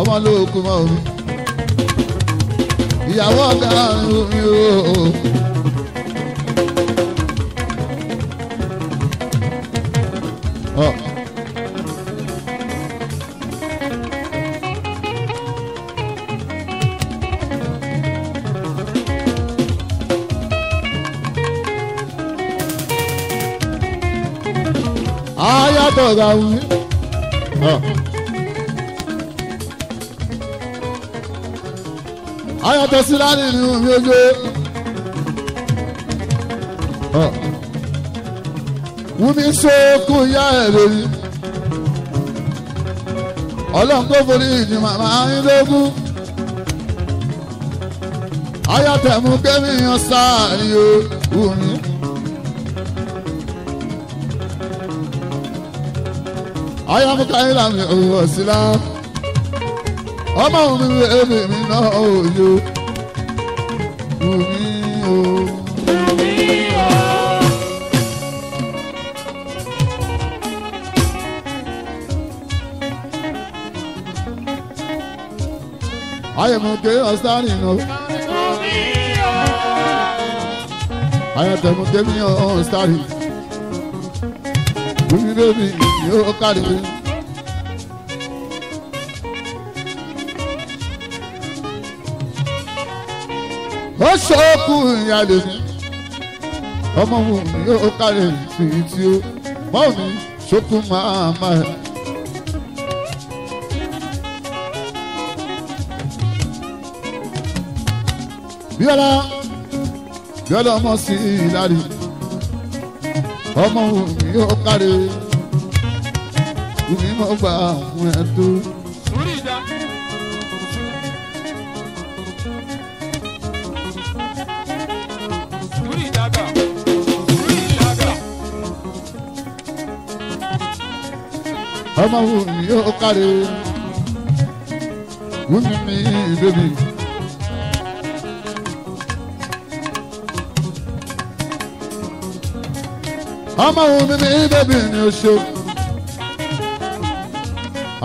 ọmọ lòkú máa wí. ìyàwó ọ̀gá ń wúre ayatọ̀ ga wí. ayatọ̀ sílá nínú mi ojú. wúmi sókù yá ẹ̀rẹ̀ rí ọlọ́run tó forí ìjì màmá yín lógún ayátẹ̀mú kémi yan sáàrin o wúmi. ayamuka yín làmì òwò sílá ọmọ mi èmi mi náà òye wúmi. ayẹmọke ọsán nínú. ayọ̀tẹ̀mọke mi ọ̀hún sáré. Bùnú bébì ni ó kárí mi. ó ṣókù ìyàlè mi ọmọ wù mí ó kárí mi tí ó mọ́ mi ṣókù máa máa. bíọ́lá bíọ́lá ọmọ sí ìlàrí ọmọ òmí ó kárí òmí mọ́ gbà fún ẹ tó. ọmọ òmí ó kárí òmí mi bébí. Ama wo mi mi bẹ́bí ni o ṣe.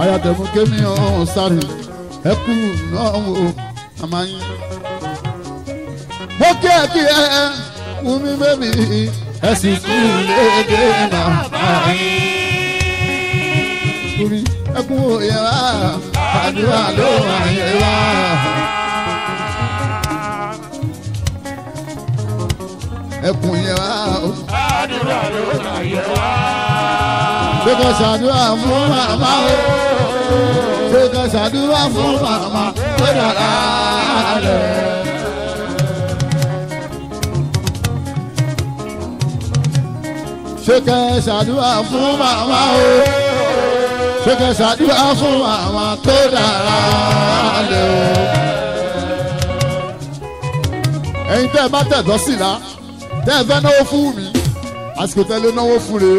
ayàtẹ̀mú kémi ọ̀hún sáré ẹkú náà wò àmà yín. ó kí ẹ kí ẹ wù mí bẹ́bí ẹ sì tún léde bàbá yín. ẹkú òye wá àdúrà ló wà yẹ wá. ẹkùn yẹ wá o. Because I do yẹ wá. pé because I do màmá o pé kò ṣàdúrà fún màmá ó dàda rẹ̀. ṣókè ṣàdúrà fún màmá o ṣókè ṣàdúrà fún màmá tó dára lè o. ẹ̀yin tẹ́ ẹ bá tẹ̀dọ́ sí àsìkò tẹ́lẹ̀ náwó fún re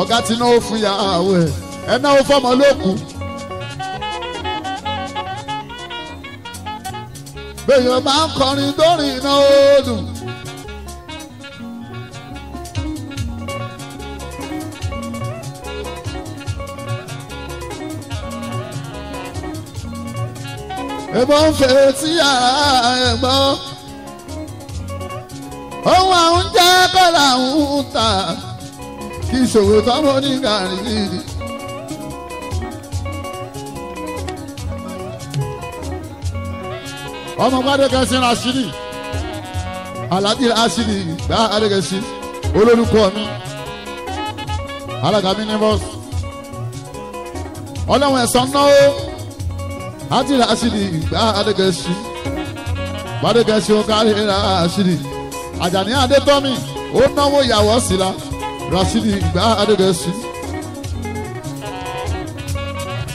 ọ̀gá ti náwó fún yàwó ẹ̀ ẹ̀ náwó fọmọ lóòkù. bẹ́ẹ̀ máa ń kọrin dórí iná oòdùn. ẹ̀gbọ́n fèrè sí yàrá ẹ̀gbọ́n òun àwọn jẹ́ kọ́là ń ta ìṣòwò tọ́mọ ní gàrí. ọmọ gbàdégẹsí Rashidi Alhaji Rashidi gbà adégẹsí olórúkọ mi alága mi ní bọ́ọ̀sì ọlọ́run ẹ̀sán náà Alhaji Rashidi gbà adégẹsí gbàdégẹsí ó kárí Rashidi àjàní adétọ́mì ó náwó ìyàwó síla rashidi gba adégẹ̀sì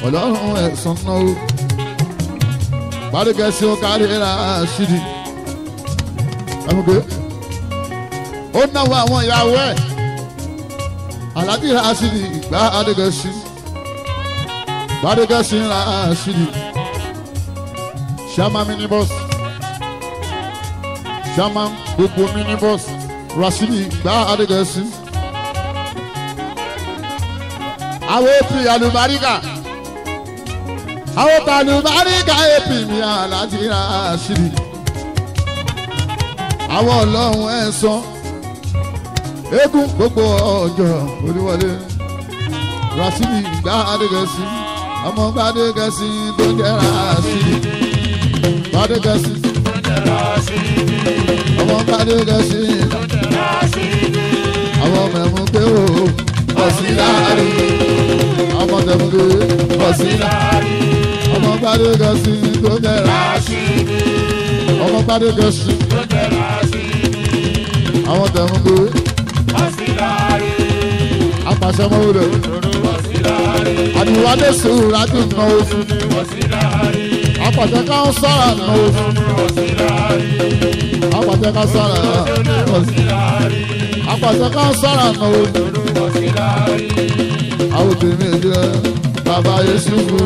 ọlọ́run ẹ̀sán náwó gbadégẹ̀sì ó kárí rashidi ẹ̀mùgbé ó náwó àwọn ìyàwó ẹ̀ alábí rashidi gba adégẹ̀sì gbadégẹ̀sì rashidi sàmàmì ní bọ́sì. German gbogbo minibus Rasini, gba Adégẹ̀sí. àwọn èpì àlùbáríkà àwọn àlùbáríkà èpì mi àláti Rasili. àwọn ọlọ́run ẹ̀ sọ eégún gbogbo ọjọ́ olúwọlé Rasili gba Adégẹ̀sí ọmọ Gbádégẹ̀sí tó jẹ́ Rasili Gbádégẹ̀sí ọmọ kádé gẹ̀ẹ́sì àwọn mẹ̀mú pé o bọ̀sí láàrí ọmọ tẹ̀mùgbé bọ̀sí láàrí ọmọ kádé gẹ̀ẹ́sì tó bẹ̀rẹ̀ ọmọ kádé gẹ̀ẹ́sì tó bẹ̀rẹ̀ àwọn tẹ̀mùgbé bọ̀sí láàrí apàṣẹ mọ́wúrẹ́ àdìwálé sùúrù adùn náà ó Apàtẹ ká ń sọ̀rọ̀ náà. Oṣù ni òsì láàrí. náà. Oṣù ká ń sọ̀rọ̀ náà. Àwùjọ mi jẹ́ bàbá Yusufu.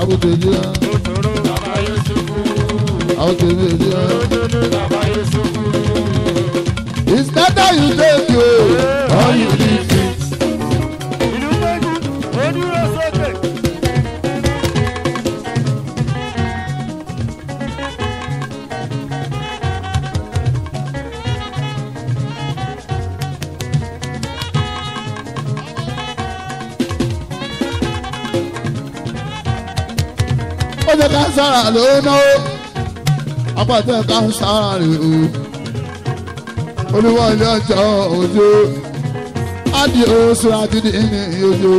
Àwùjọ jẹ́. Àwùjọ mi jẹ́. Bàbá Yusufu. It's better you take tẹ ká sára ló náwó apá tẹ ká sára rè o olúwa ilé ọjà òjò ádìí oṣù àdìdì ní òjò.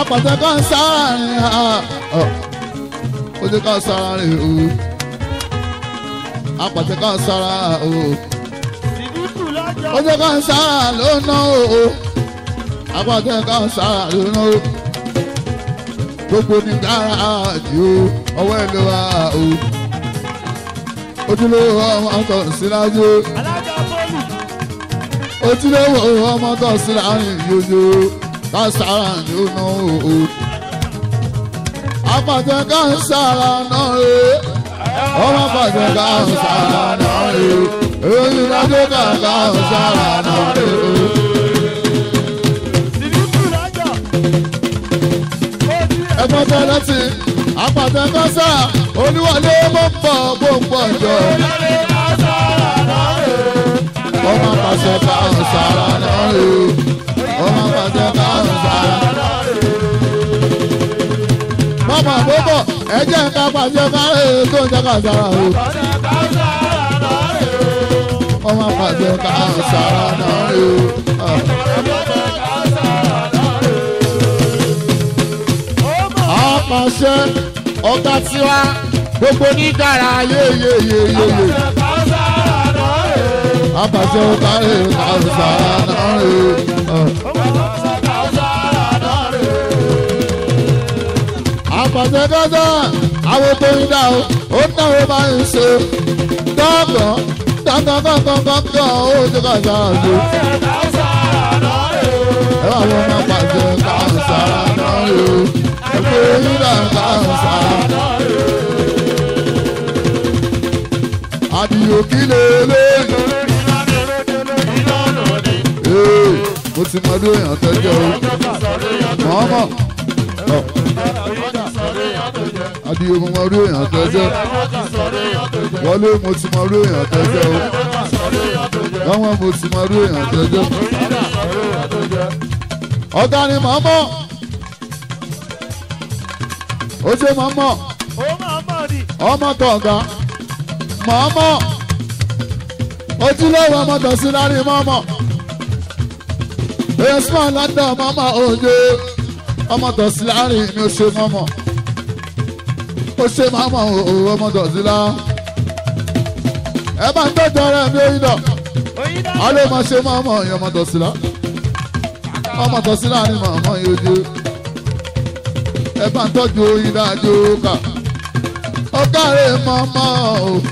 apàtẹ kan sára rè o ojú kan sára rè o apàtẹ kan sára o ojú kan sára ló náwó apàtẹ sára ló náwó gbogbo ní gáràjì o ọwọ́ ẹ̀ ló wà o ojúlówó ọmọ tó ń sílájú ojúlówó ọmọ tó ń sílájú yòyò kására ni ó ná o apàtẹ kására náà rè e. ọmọ apàtẹ kására náà e. rè èyí ìdájọ́ kására náà rè o. ẹ̀fọ́fẹ́ rántí àpàtẹ kọ́sà olúwọlé mọ̀ ń bọ̀ gbòǹgbò jọ. ọmọ pàṣẹ bá ń sára náà rè ọmọ pàṣẹ bá ń sára náà rè. mọ́mọ́ àbúkọ̀ ẹ jẹ́ ká pàṣẹ bá rè tó ń jẹ́ ká sára rè. ọmọ pàṣẹ bá sára náà máa ṣe ọ̀gá tiwa gbogbo onídàrá yeyeyeyeye. Abàṣẹ ọ̀gá rẹ̀ kàwùsà náà rẹ̀. Abàṣẹ gọ́dọ̀ àwọn tó ń dà ó, ó náwó máa ń ṣe. Gọ́gàn, gọ́gàn gọ́gàn gọ́gàn ó ti kàṣà àjò. Abàṣẹ kàwùsà náà rẹ̀. kí lélẹ̀. mo ti mọ lóyún àtẹ́jọ́ o mọ́mọ́ adìyẹ mo mọ lóyún àtẹ́jọ́ wọlé mo ti mọ lóyún àtẹ́jọ́ o láwọn mo ti mọ lóyún àtẹ́jọ́ ọ̀gá ni mọ́mọ́ ó ṣe ọmọ tọ̀gá mọ́mọ́ ojúlówó ọmọ tọ̀sí lárí mọ́mọ́ esmọ̀ lọ́dọ̀ mọ́mọ́ òye ọmọ tọ̀sí lárí mi ò ṣe mọ́mọ́ ó ṣe mọ́mọ́ òwò ọmọ tọ̀sí lá. ẹ bá ń tọ́jú ọ̀rẹ́ mi oyin dọ̀ alẹ́ máa ṣe mọ́mọ́ òye ọmọ lá ọmọ lárí mọ́mọ́ yòójú ẹ bá ń tọ́jú oyin dájú ká ọ̀gá rẹ̀ mọ́mọ́ òkú.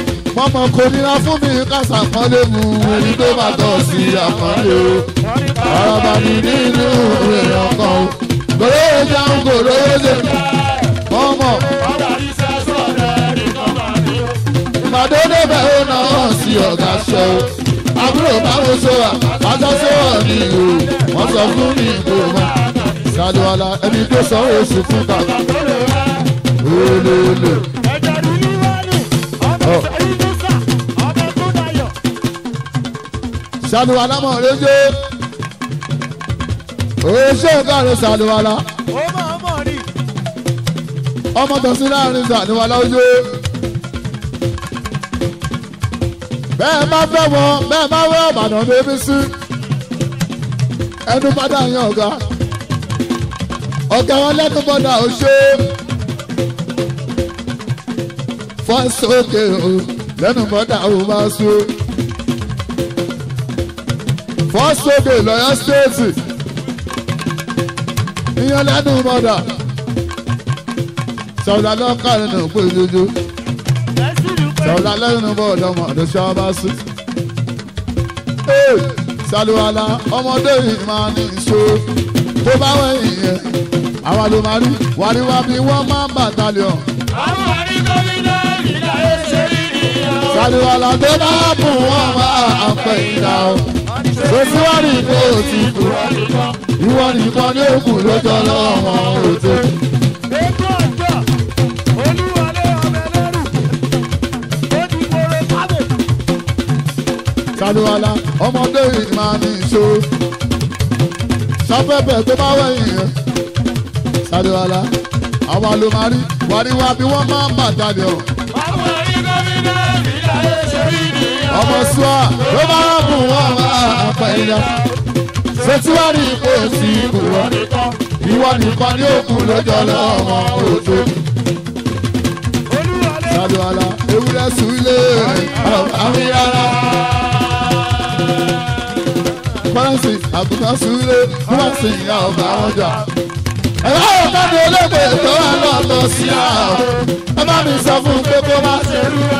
mọ́mọ́ kò nira fún mi kásà kan lé mu orí tó bá tọ̀ sí àkànlé o ọ̀rọ̀bà mi nínú èèyàn kan o gbòòrò jẹun gbòòrò ṣe mọ́mọ́. ìpàdé débẹ̀ ó náà sí ọ̀gá ṣe o àbúrò báwo ṣe wà ajá ṣe wà ní ìhò wọ́n sọ fún mi ìgò mọ́ ṣáájú ẹni tó sọ èsì fún bàbá olóòlò. ṣàlùwàlà mọ̀ lójó oṣù kàrún ṣàlùwàlà ọmọ tọ̀sí láàrin ṣàlùwàlà ojú. bẹ́ẹ̀ má fẹ́ wọn bẹ́ẹ̀ má wẹ́ ọ̀bàdàn bébí sí ẹnu padà yan ọ̀gá ọ̀gá wọn lẹ́nu bọ́dà oṣù fọ́ọ̀sì òkè o lẹ́nu bọ́dà o máa sùn fọ́sọ̀dẹ̀ lọ́yà stéètì ìyẹn lẹ́nu mọ́dà sọ̀rọ̀ lọ́kàn nínú pé jújú sọ̀rọ̀ lẹ́nu mọ́dà mọ́dà ṣọ́ọ́bà sí. Sàlùwàlà ọmọdé yìí máa ní ìṣó tó bá wẹ̀yìn yẹn àwọn ló máa rí wàríwá bí wọ́n máa ń bàtàlíọ̀. àwọn àríkọ́ mi náà ìlà ẹsẹ̀ rí ni. Sàlùwàlà tó bá bùn wọ́n máa ń pè é o kò síwárì kò tí kù ìwọ nìkan ní òkú lójọ́ lọ́wọ́ òtòkì. Saluwala ọmọ David máa ní ìṣó sáfẹ́fẹ́ tó bá wẹ̀yìn rẹ̀ Saluwala àwa ló máa rí wàríwá bí wọ́n máa ń bà jáde ọ̀. àwọn ẹ̀rí gómìnà ìyá ẹ̀ ṣe rí nìyẹn. ọmọ sùá ló máa ń bùn wọn wá àpẹẹrẹ sẹtíwárì kò sí ìwọ nìkan ìwọ nìkan ní òkun lójọ lọ́mọ òjò. sábẹ́ ọ̀la ewúrẹ́ sùn ilé àmì ara. Francis àgùntàn sùn ìyá ọ̀gá ọjà ẹ̀rọ ọ̀gá ni olóògbé tó wà lọ́ọ̀tọ̀ sí i. ẹ bá mi sọ fún pé kó má ṣe rúra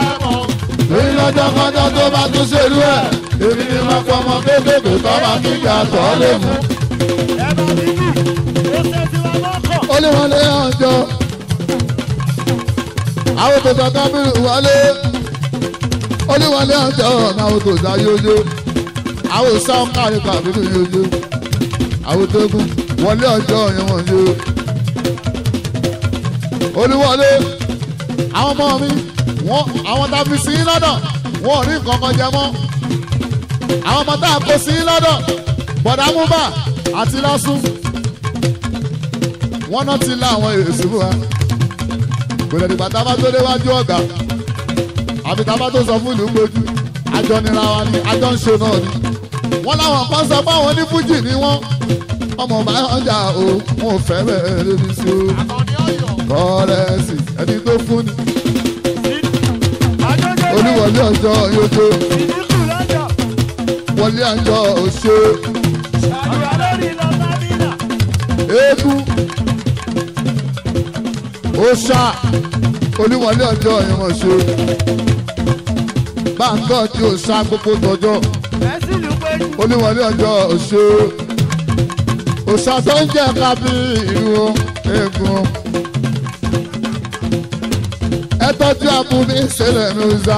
lórí lọ́jọ́ kọjọ́ tó bá tún ṣèlú ẹ̀ èmi ni mo fọ ọmọ kéékèèké tó bá tún jà tọ́ lé mú. ó lé wọn lé ọjọ́ àwọn òkòtò kábírù wọlé ó lé wọn lé ọjọ́ ọ̀nà òkòtò ayójó àwọn sáwọn káàrí kábírù yójó àwọn tógun wọlé ọjọ́ yẹn wọ̀nyó olúwọlé àwọn ọmọ mi wọn àwọn tá a fi sí lọ́dọ̀ wọn ò rí nǹkan kan jẹ mọ́ àwọn ọmọ tá a kó sí lọ́dọ̀ bọ̀dámúbà àti lásùn wọn náà ti la àwọn èsì fún wa kò lè dìgbà tá a bá tó déwájú ọ̀gá àbí tá a bá tó sọ fún ìlú gbójú àjọ nira wa ni àjọ ń ṣe náà ni wọn láwọn kan sọ fún àwọn onífújì ni wọn ọmọ ọba ọjà o wọn ò fẹ́ bẹ́ẹ̀ lébi sí o kọ́lẹ́sì ẹni tó fún ni olúwọlé ọjọ́ yòókè wọlé ọjọ́ òṣè. eégún òṣà olúwọlé ọjọ́ ìmọ̀ṣe báńkọ́ tí òṣà gbogbo tọjọ́ olúwọlé ọjọ́ òṣè òṣà tó ń jẹ́ kábíyì ìwọ eégún tọ́jú àbúrò ìṣẹ̀lẹ̀ ní ọjà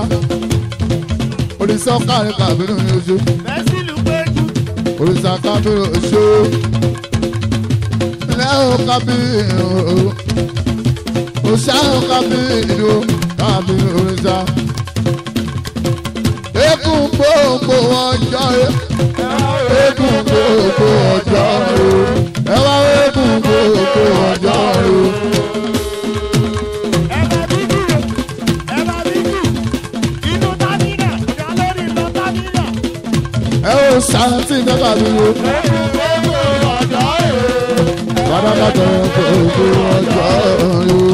òrìṣà kárí kàbírù ní ojú òrìṣà kàbírù oṣù lẹ́hìn kàbírù òṣà kàbírù kàbírù òrìṣà ekun gbogbo ọjọ́ ekun gbogbo ọjọ́ e. ẹ wá ekun gbogbo ọjọ́. E. ṣáàtì dọ́gba mi o. Bàbá bàtà ọkọ̀ òkú ọjọ́ ọ̀run.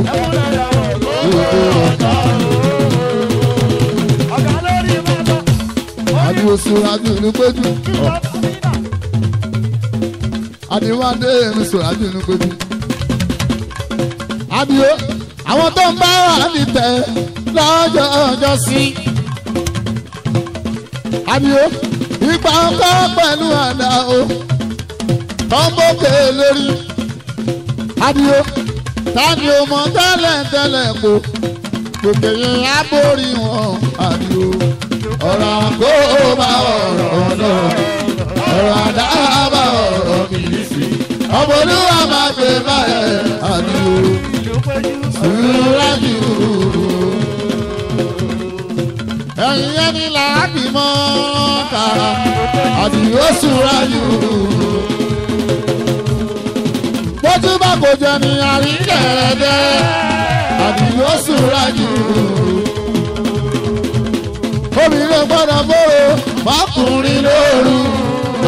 Òkú ọjọ́ Rájú ìlú péjú. Àdìwádé ìlú Sòrájú ìlú péjú. Àbíyó àwọn tó ń bá wà nítẹ̀ lọ́jọ́ ọjọ́ sí. Àbíyó nípa ọkọ pẹ̀lú àdá o tọ́ḿbọ̀kẹ́ lórí adio tani o mọ tẹ́lẹ̀ tẹ́lẹ̀ kó gòkè yẹn á borí wọn adio ọ̀rọ̀ àgbo bá ọ̀rọ̀ ọ̀dọ̀ ọ̀rọ̀ àdá bá ọ̀rọ̀ kìlìsì ọmọ olúwa máa gbé báyẹn adio sùúrù lájú ẹ̀yìn ẹni làábì mọ́ kàrà àdìyó sùúrà yù. bójú bá kò jẹ ní àárín kẹ̀rẹ̀dẹ́ àdìyó sùúrà yù. obìnrin gbọ́dọ̀ bóró fọkùnrin lóru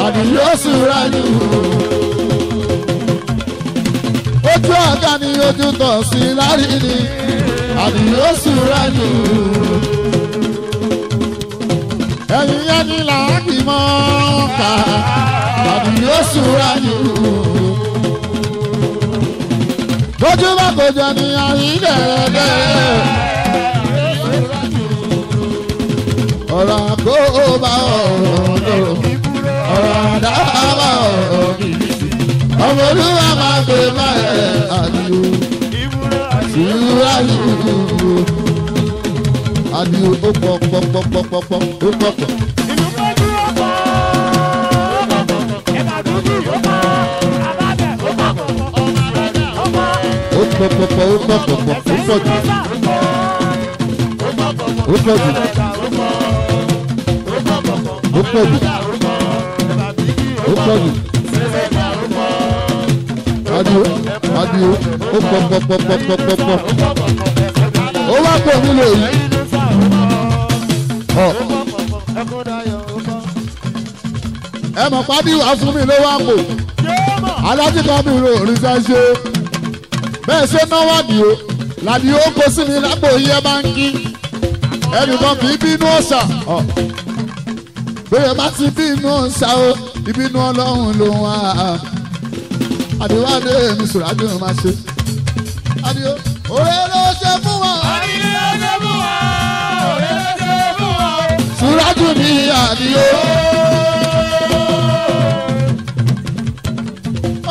àdìyó sùúrà yù. ojú ọ̀gá ni ojú tọ̀ sí lárí ni àdìyó sùúrà yù ẹ̀yìn yẹn ni là á gbìmọ̀ ká tàbí yóò súra jù. lójú bá kò jẹ ní àyíndẹ̀ẹ́dẹ́. ọ̀rọ̀ àkóbá ọ̀rọ̀ ọ̀rọ̀ àdáhàbá ọ̀rọ̀ ọmọ olúwa máa gbé máa ẹ̀ àdúró. Ìwúra àní ó pọ̀ pọ̀ pọ̀ pọ̀ pọ̀ pọ̀ ó pọ̀ pọ̀. ìlú pẹ̀lú ọkọ̀ ẹ̀ka dúdú ó pọ̀ àbábẹ̀ ó pọ̀ pọ̀ ọmọ rẹ̀ ó pọ̀. ó pọ̀ pọ̀ pọ̀ ó pọ̀ pọ̀ pọ̀ ó pọ̀ jù. ó pọ̀ jù. ó pọ̀ jù. ó pọ̀ jù. Adio, adio, ó pọ̀ pọ̀ pọ̀ pọ̀ pọ̀ pọ̀ pọ̀. Ó wá pọ̀ nílò yìí ẹ mọ̀ pàdé wàá fún mi ló wá pò alájí kan mi rò rí sẹ́ ṣe bẹ́ẹ̀ ṣe náwó àdìo làdìo kó sí mi lápò iye bá ń kí ẹnìkan kì í bínú ọ̀sà bóyá bá ti bínú ọ̀sà o ìbínú ọlọ́run ló wà á àdìwádé mi sùràdùn máa ṣe àdìo òréré. dùn ní àdìyó.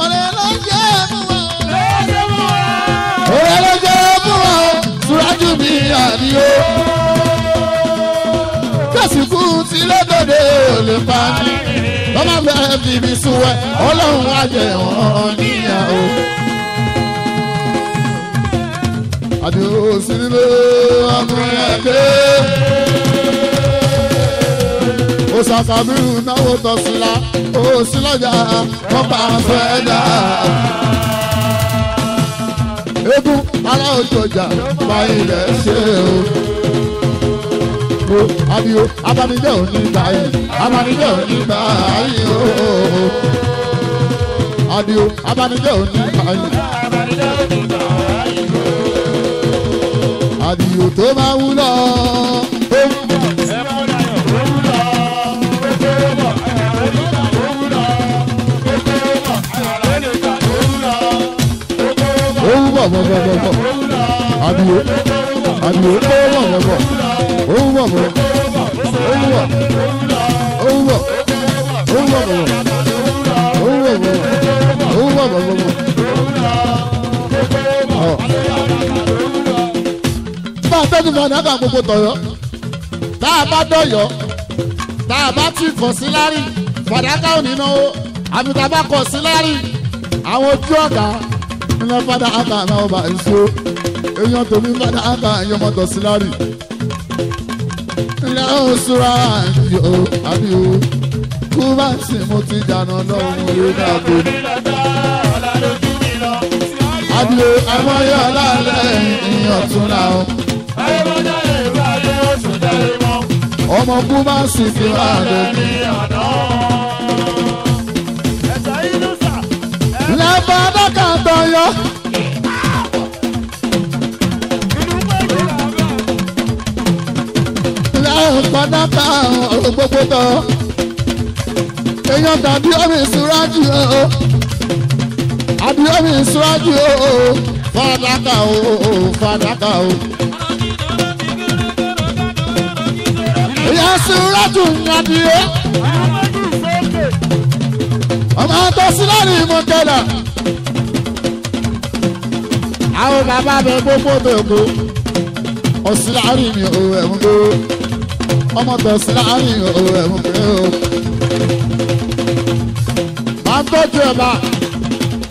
ọ̀rẹ́ ló jẹ́ fún wa. ọ̀rẹ́ ló jẹ́ fún wa. sùrájú ní àdìyó. kásìkú tí lọ́dọ̀dẹ̀ ò lè pa ni. lọ́mọ bẹ́ẹ̀ fi mi ọlọ́run àjẹ́ wọn níyàwó. Adiós, Sirilo, Amor, Amor, òṣàkàbírù náwó tọ̀sílá òṣìlọ́jà kọ́pà fẹ́dà. egun ara ojoja, bá ilẹ̀ ṣe o. Adio, abanijẹ́ ò ní báyìí, abanijẹ́ ò ní báyìí o. Adio, abanijẹ́ ò ní báyìí. Adio tó máa wúlọ̀. bọ̀ bọ̀ bọ̀ bọ̀ bọ̀ àbíyó àbíyó ó ń bọ̀ bọ̀ bọ̀ ó ń bọ̀ bọ̀ ó ń bọ̀ ó ń bọ̀ ó ń bọ̀ bọ̀ ó ń bọ̀ bọ̀ ó ń bọ̀ bọ̀ bọ̀ bọ̀. bá a tẹ́tù fún àdáka gbogbo tọ̀yọ́ tá a bá dọ̀yọ́ tá a bá tì kọ̀ sí lárí fàdákà ò ní náwó àbí tá a bá kọ̀ sí lárí àwọn ojú ọ̀gá ìyẹn fada aka náà bá ń so èèyàn tèmi fada aka ìyẹn mọ́tò sílárì ilẹ̀ ọ̀hún sura yóò àbí o kú bá sì mo ti dànù lọ́hùn orí náà bò ní. àbí o àmọ́yé ọ̀làlẹ̀ ìyẹn tún náà o. ayébọ́dá èrò adé oṣù dáre mọ́. ọmọ kú bá sì ti wà lórí ọ̀nà. ẹ̀sà ìlú sà. lẹ́bàdà. Ọ̀yọ́. lẹ́yìn pátákà ọ̀rọ̀ gbogbo tán èèyàn tàbí omi ìsúrájú o àbí omi ìsúrájú o fàdákà o fàdákà o. èèyàn ìsúrájú ni adìyẹ ọmọ tó sí lórí ìmọ̀kẹ́lá. Awo bàbá mi gbogbo tòkó ọ̀sìn láàrin mi ò ẹ̀mú gbó ọmọ tọ̀sìn láàrin mi ò ẹ̀mú gbé o. máa ń tọ́jú ẹ̀bà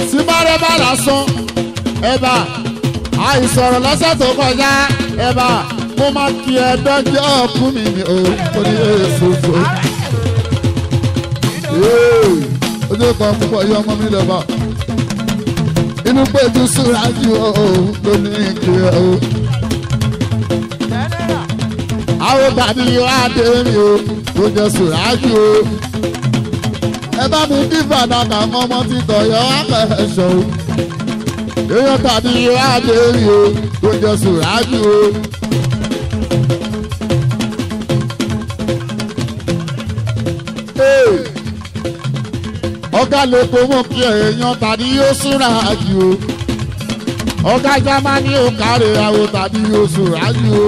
tí bárẹ̀ bá lásán ẹ̀bà àìsọ̀rọ̀ lọ́sẹ̀ tó kọjá ẹ̀bà mo máa kí ẹ dọ́jú mi ni o kò ní èso fò. ojú kan púpọ̀ yí ọmọ mi lọ́ba kálukú gbójú síra ju òun tó ní ìjì òun. àwọn ìbàdí wa dé mi o tó jẹ síra ju o. ẹ bá mi kí fàdákà mọ́mọ́ ti tọ̀yọ́ wá pẹ̀sọ̀ o. èèyàn tàbí wa o tó jẹ síra o. ọ̀gá lóko mọ̀ kí èèyàn tàbí yóò súnra jù o ọ̀gá jámánì ò kárẹ̀ àwọ̀ tàbí yóò súnra jù o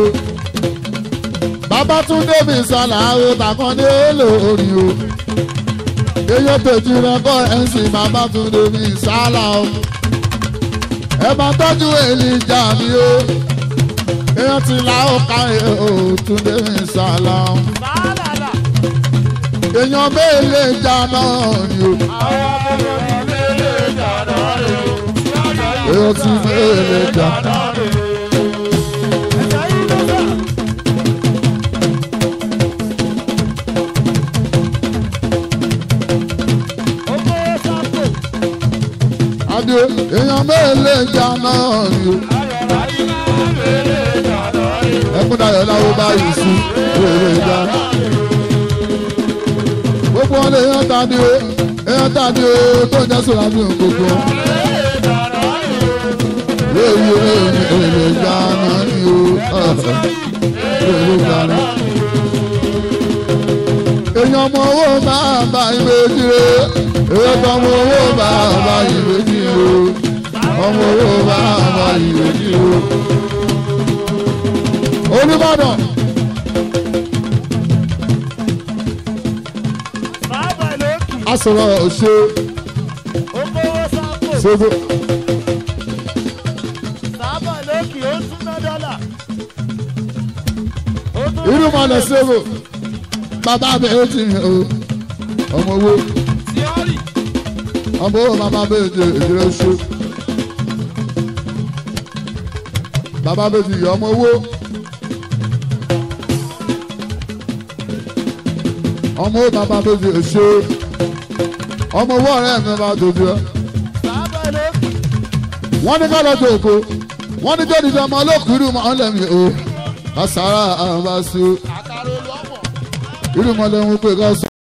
Babátúndé mi sọ̀là àwọ̀ tàkàndé lórí o èèyàn tèjú rẹ̀ kọ́ ẹ̀ mi sálà o ẹ máa tọ́jú èlìjà mi o èèyàn ti la ó kárẹ̀ o Túndé mi sálà o èèyàn bẹ́ẹ̀ lè jáná ni o. èèyàn ti bẹ́ẹ̀ lè jáná ni o. ni o èèyàn mélòó ìjà ni o. ẹkún dayọ̀ láwo báyìí sí èrè ìjà náà pọ́n lé yán tàbí o yán tàbí o tó jẹ́ sọ̀rọ̀ àbí òkòkò. Léyìí léyìí èlé gánà ni o. Èlé gánà. Èèyàn mọ owó bàbá ìbejì rẹ̀. Èèyàn ọmọ owó bàbá ìbejì rẹ̀. Ọmọ owó bàbá ìbejì rẹ̀. Olúbàdàn. sọ̀rọ̀ ṣe. ó kówó sápò. sábà lókì ó súná dọ́là. irú mọ̀nà ṣòro bàbá mi ó ti rìn o ọmọ owó ọmọ owó bàbá mi èdè ìdílé ṣe. bàbá mi ti yọ ọmọ owó. ọmọ bàbá mi èdè ṣe ọmọ owó ọ̀rẹ́ mi máa dòdò ẹ. wọ́n ní ká lọ tó èkó wọ́n ní jọ́dí fẹ́ ọmọ olókùnrin irú mọ́ lẹ́mi o àṣàrà àwọn bá sùn irú mọ́ lẹ́mu pé ká sùn.